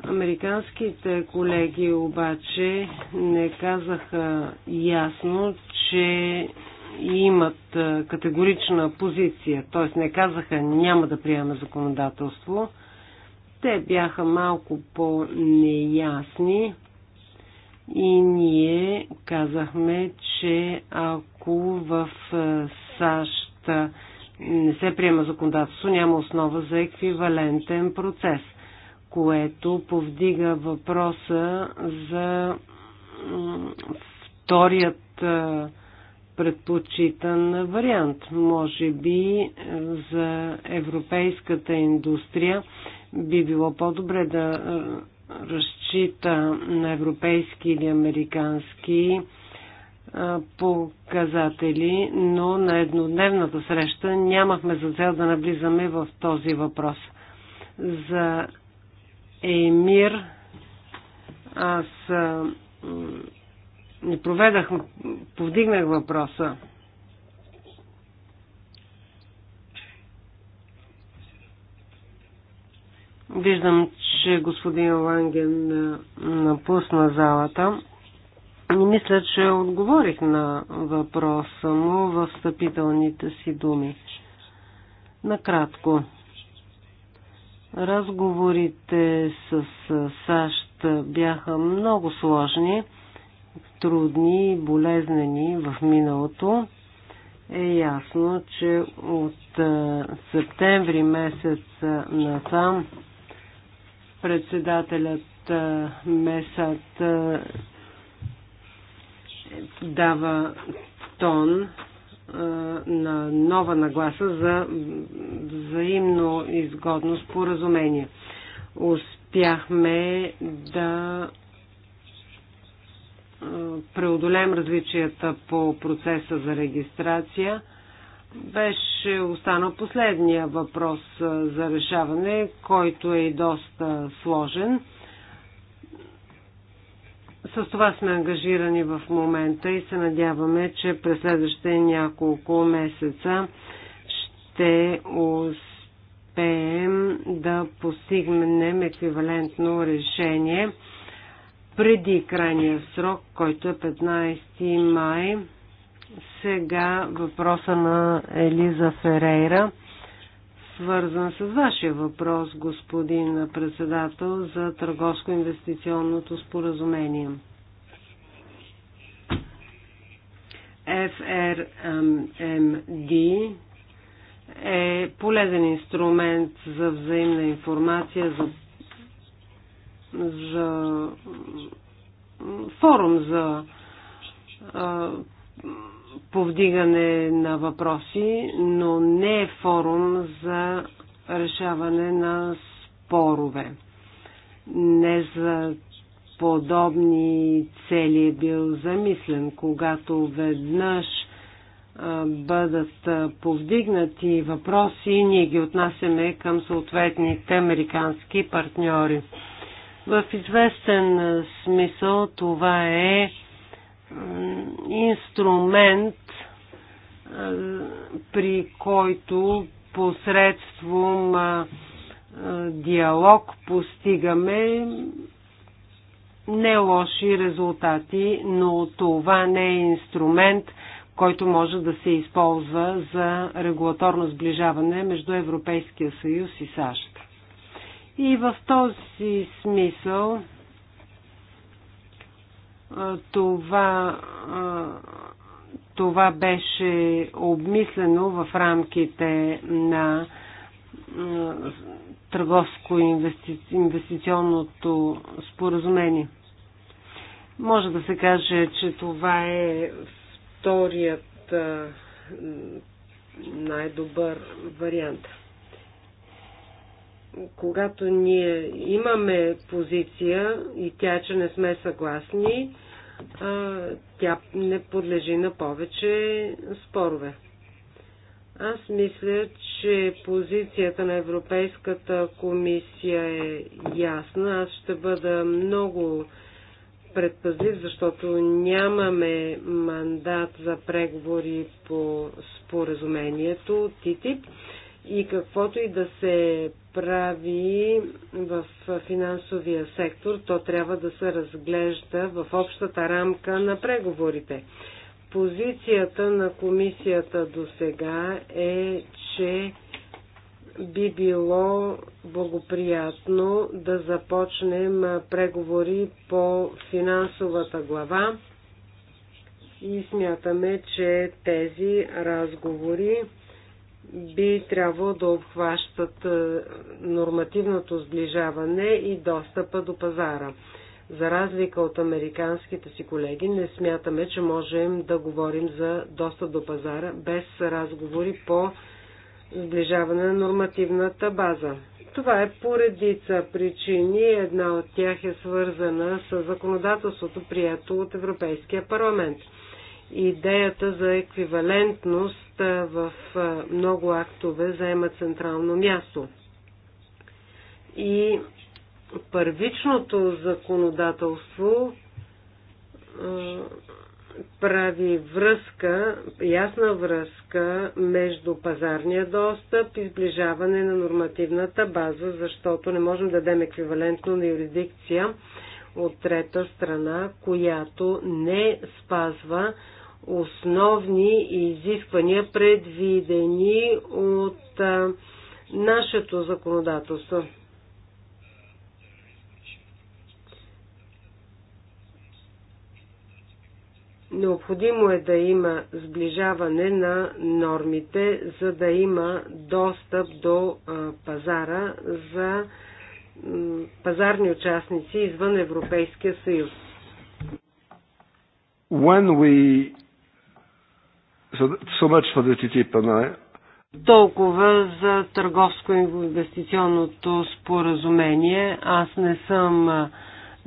S3: Американските колеги обаче не казаха ясно, че имат категорична позиция, т.е. не казаха няма да приема законодателство. Те бяха малко по-неясни и ние казахме, че ако в САЩ не се приема законодателство, няма основа за еквивалентен процес което повдига въпроса за вторият предпочитан вариант. Може би е, за европейската индустрия би било по-добре да е, разчита на европейски или американски е, показатели, но на еднодневната среща нямахме за цел да наблизаме в този въпрос. За Емир. Аз не проведах, повдигнах въпроса. Виждам, че господин Ланген напусна залата. И мисля, че отговорих на въпроса му в стъпителните си думи. Накратко. Разговорите с САЩ бяха много сложни, трудни и болезнени в миналото. Е ясно, че от септември месец насам председателят месец дава тон на нова нагласа за взаимно изгодно споразумение. Успяхме да преодолем различията по процеса за регистрация. Беше останал последния въпрос за решаване, който е и доста сложен. С това сме ангажирани в момента и се надяваме, че през следващите няколко месеца ще успеем да постигнем еквивалентно решение преди крайния срок, който е 15 май. Сега въпроса на Елиза Ферейра – свързан с вашия въпрос, господин председател, за търговско-инвестиционното споразумение. FRMD е полезен инструмент за взаимна информация, за, за форум за повдигане на въпроси, но не е форум за решаване на спорове. Не за подобни цели е бил замислен, когато веднъж бъдат повдигнати въпроси, ние ги отнасяме към съответните американски партньори. В известен смисъл това е инструмент, при който посредством диалог постигаме не лоши резултати, но това не е инструмент, който може да се използва за регулаторно сближаване между Европейския съюз и САЩ. И в този смисъл това, това беше обмислено в рамките на търговско инвести... инвестиционното споразумение. Може да се каже, че това е вторият най-добър вариант когато ние имаме позиция и тя, е, че не сме съгласни, тя не подлежи на повече спорове. Аз мисля, че позицията на Европейската комисия е ясна. Аз ще бъда много предпазлив, защото нямаме мандат за преговори по споразумението ТИТИП и каквото и да се прави в финансовия сектор, то трябва да се разглежда в общата рамка на преговорите. Позицията на комисията до сега е, че би било благоприятно да започнем преговори по финансовата глава и смятаме, че тези разговори би трябвало да обхващат е, нормативното сближаване и достъпа до пазара. За разлика от американските си колеги, не смятаме, че можем да говорим за достъп до пазара без разговори по сближаване на нормативната база. Това е поредица причини. Една от тях е свързана с законодателството, прието от Европейския парламент – идеята за еквивалентност в много актове заема централно място. И първичното законодателство прави връзка, ясна връзка между пазарния достъп и сближаване на нормативната база, защото не можем да дадем еквивалентно на юрисдикция от трета страна, която не спазва основни изисквания, предвидени от а, нашето законодателство. Необходимо е да има сближаване на нормите, за да има достъп до а, пазара за пазарни участници извън Европейския съюз.
S1: When we... so, so much for the TTIP and I,
S3: толкова за търговско-инвестиционното споразумение. Аз не съм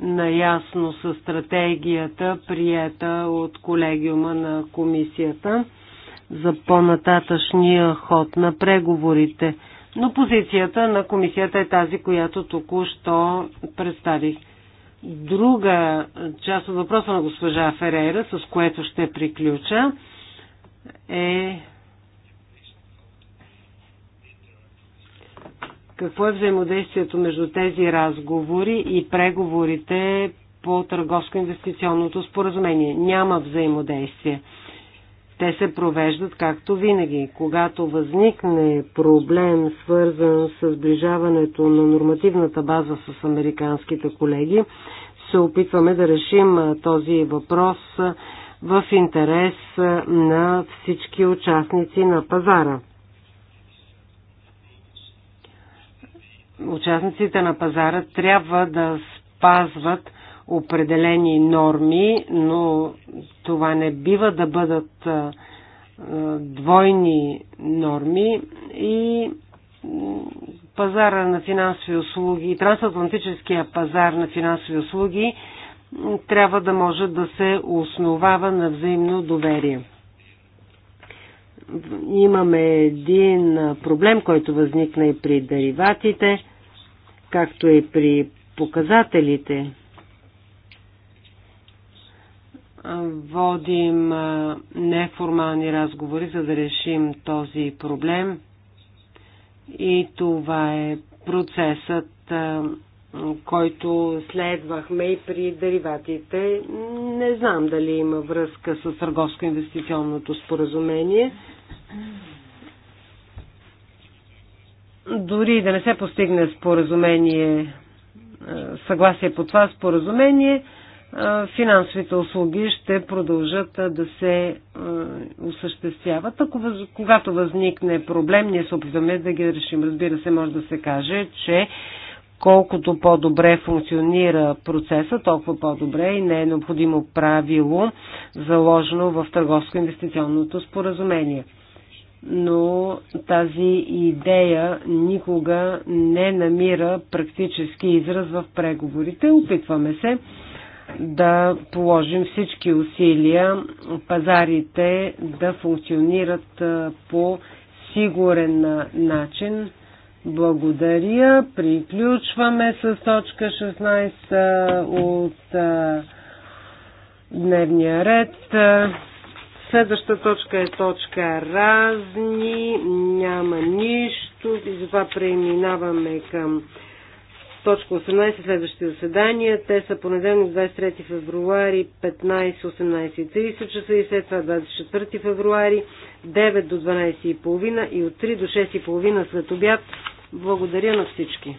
S3: наясно с стратегията, приета от колегиума на комисията за по-нататъчния ход на преговорите но позицията на комисията е тази, която току-що представих. Друга част от въпроса на госпожа Ферейра, с което ще приключа, е какво е взаимодействието между тези разговори и преговорите по търговско-инвестиционното споразумение. Няма взаимодействие. Те се провеждат както винаги. Когато възникне проблем, свързан с сближаването на нормативната база с американските колеги, се опитваме да решим този въпрос в интерес на всички участници на пазара. Участниците на пазара трябва да спазват определени норми, но това не бива да бъдат двойни норми и пазара на финансови услуги, трансатлантическия пазар на финансови услуги трябва да може да се основава на взаимно доверие. Имаме един проблем, който възникна и при дериватите, както и при показателите водим неформални разговори, за да решим този проблем. И това е процесът, който следвахме и при дериватите. Не знам дали има връзка с търговско-инвестиционното споразумение. Дори да не се постигне споразумение, съгласие по това споразумение, финансовите услуги ще продължат да се осъществяват. Ако, когато възникне проблем, ние се опитваме да ги решим. Разбира се, може да се каже, че колкото по-добре функционира процеса, толкова по-добре и не е необходимо правило, заложено в търговско-инвестиционното споразумение. Но тази идея никога не намира практически израз в преговорите. Опитваме се да положим всички усилия пазарите да функционират по сигурен начин. Благодаря. Приключваме с точка 16 от дневния ред. Следваща точка е точка разни. Няма нищо. И затова преминаваме към точка 18 следващите заседания. Те са понеделник 23 февруари 15-18.30 часа и след това 24 февруари 9 до 12.30 и от 3 до 6.30 след обяд. Благодаря на всички.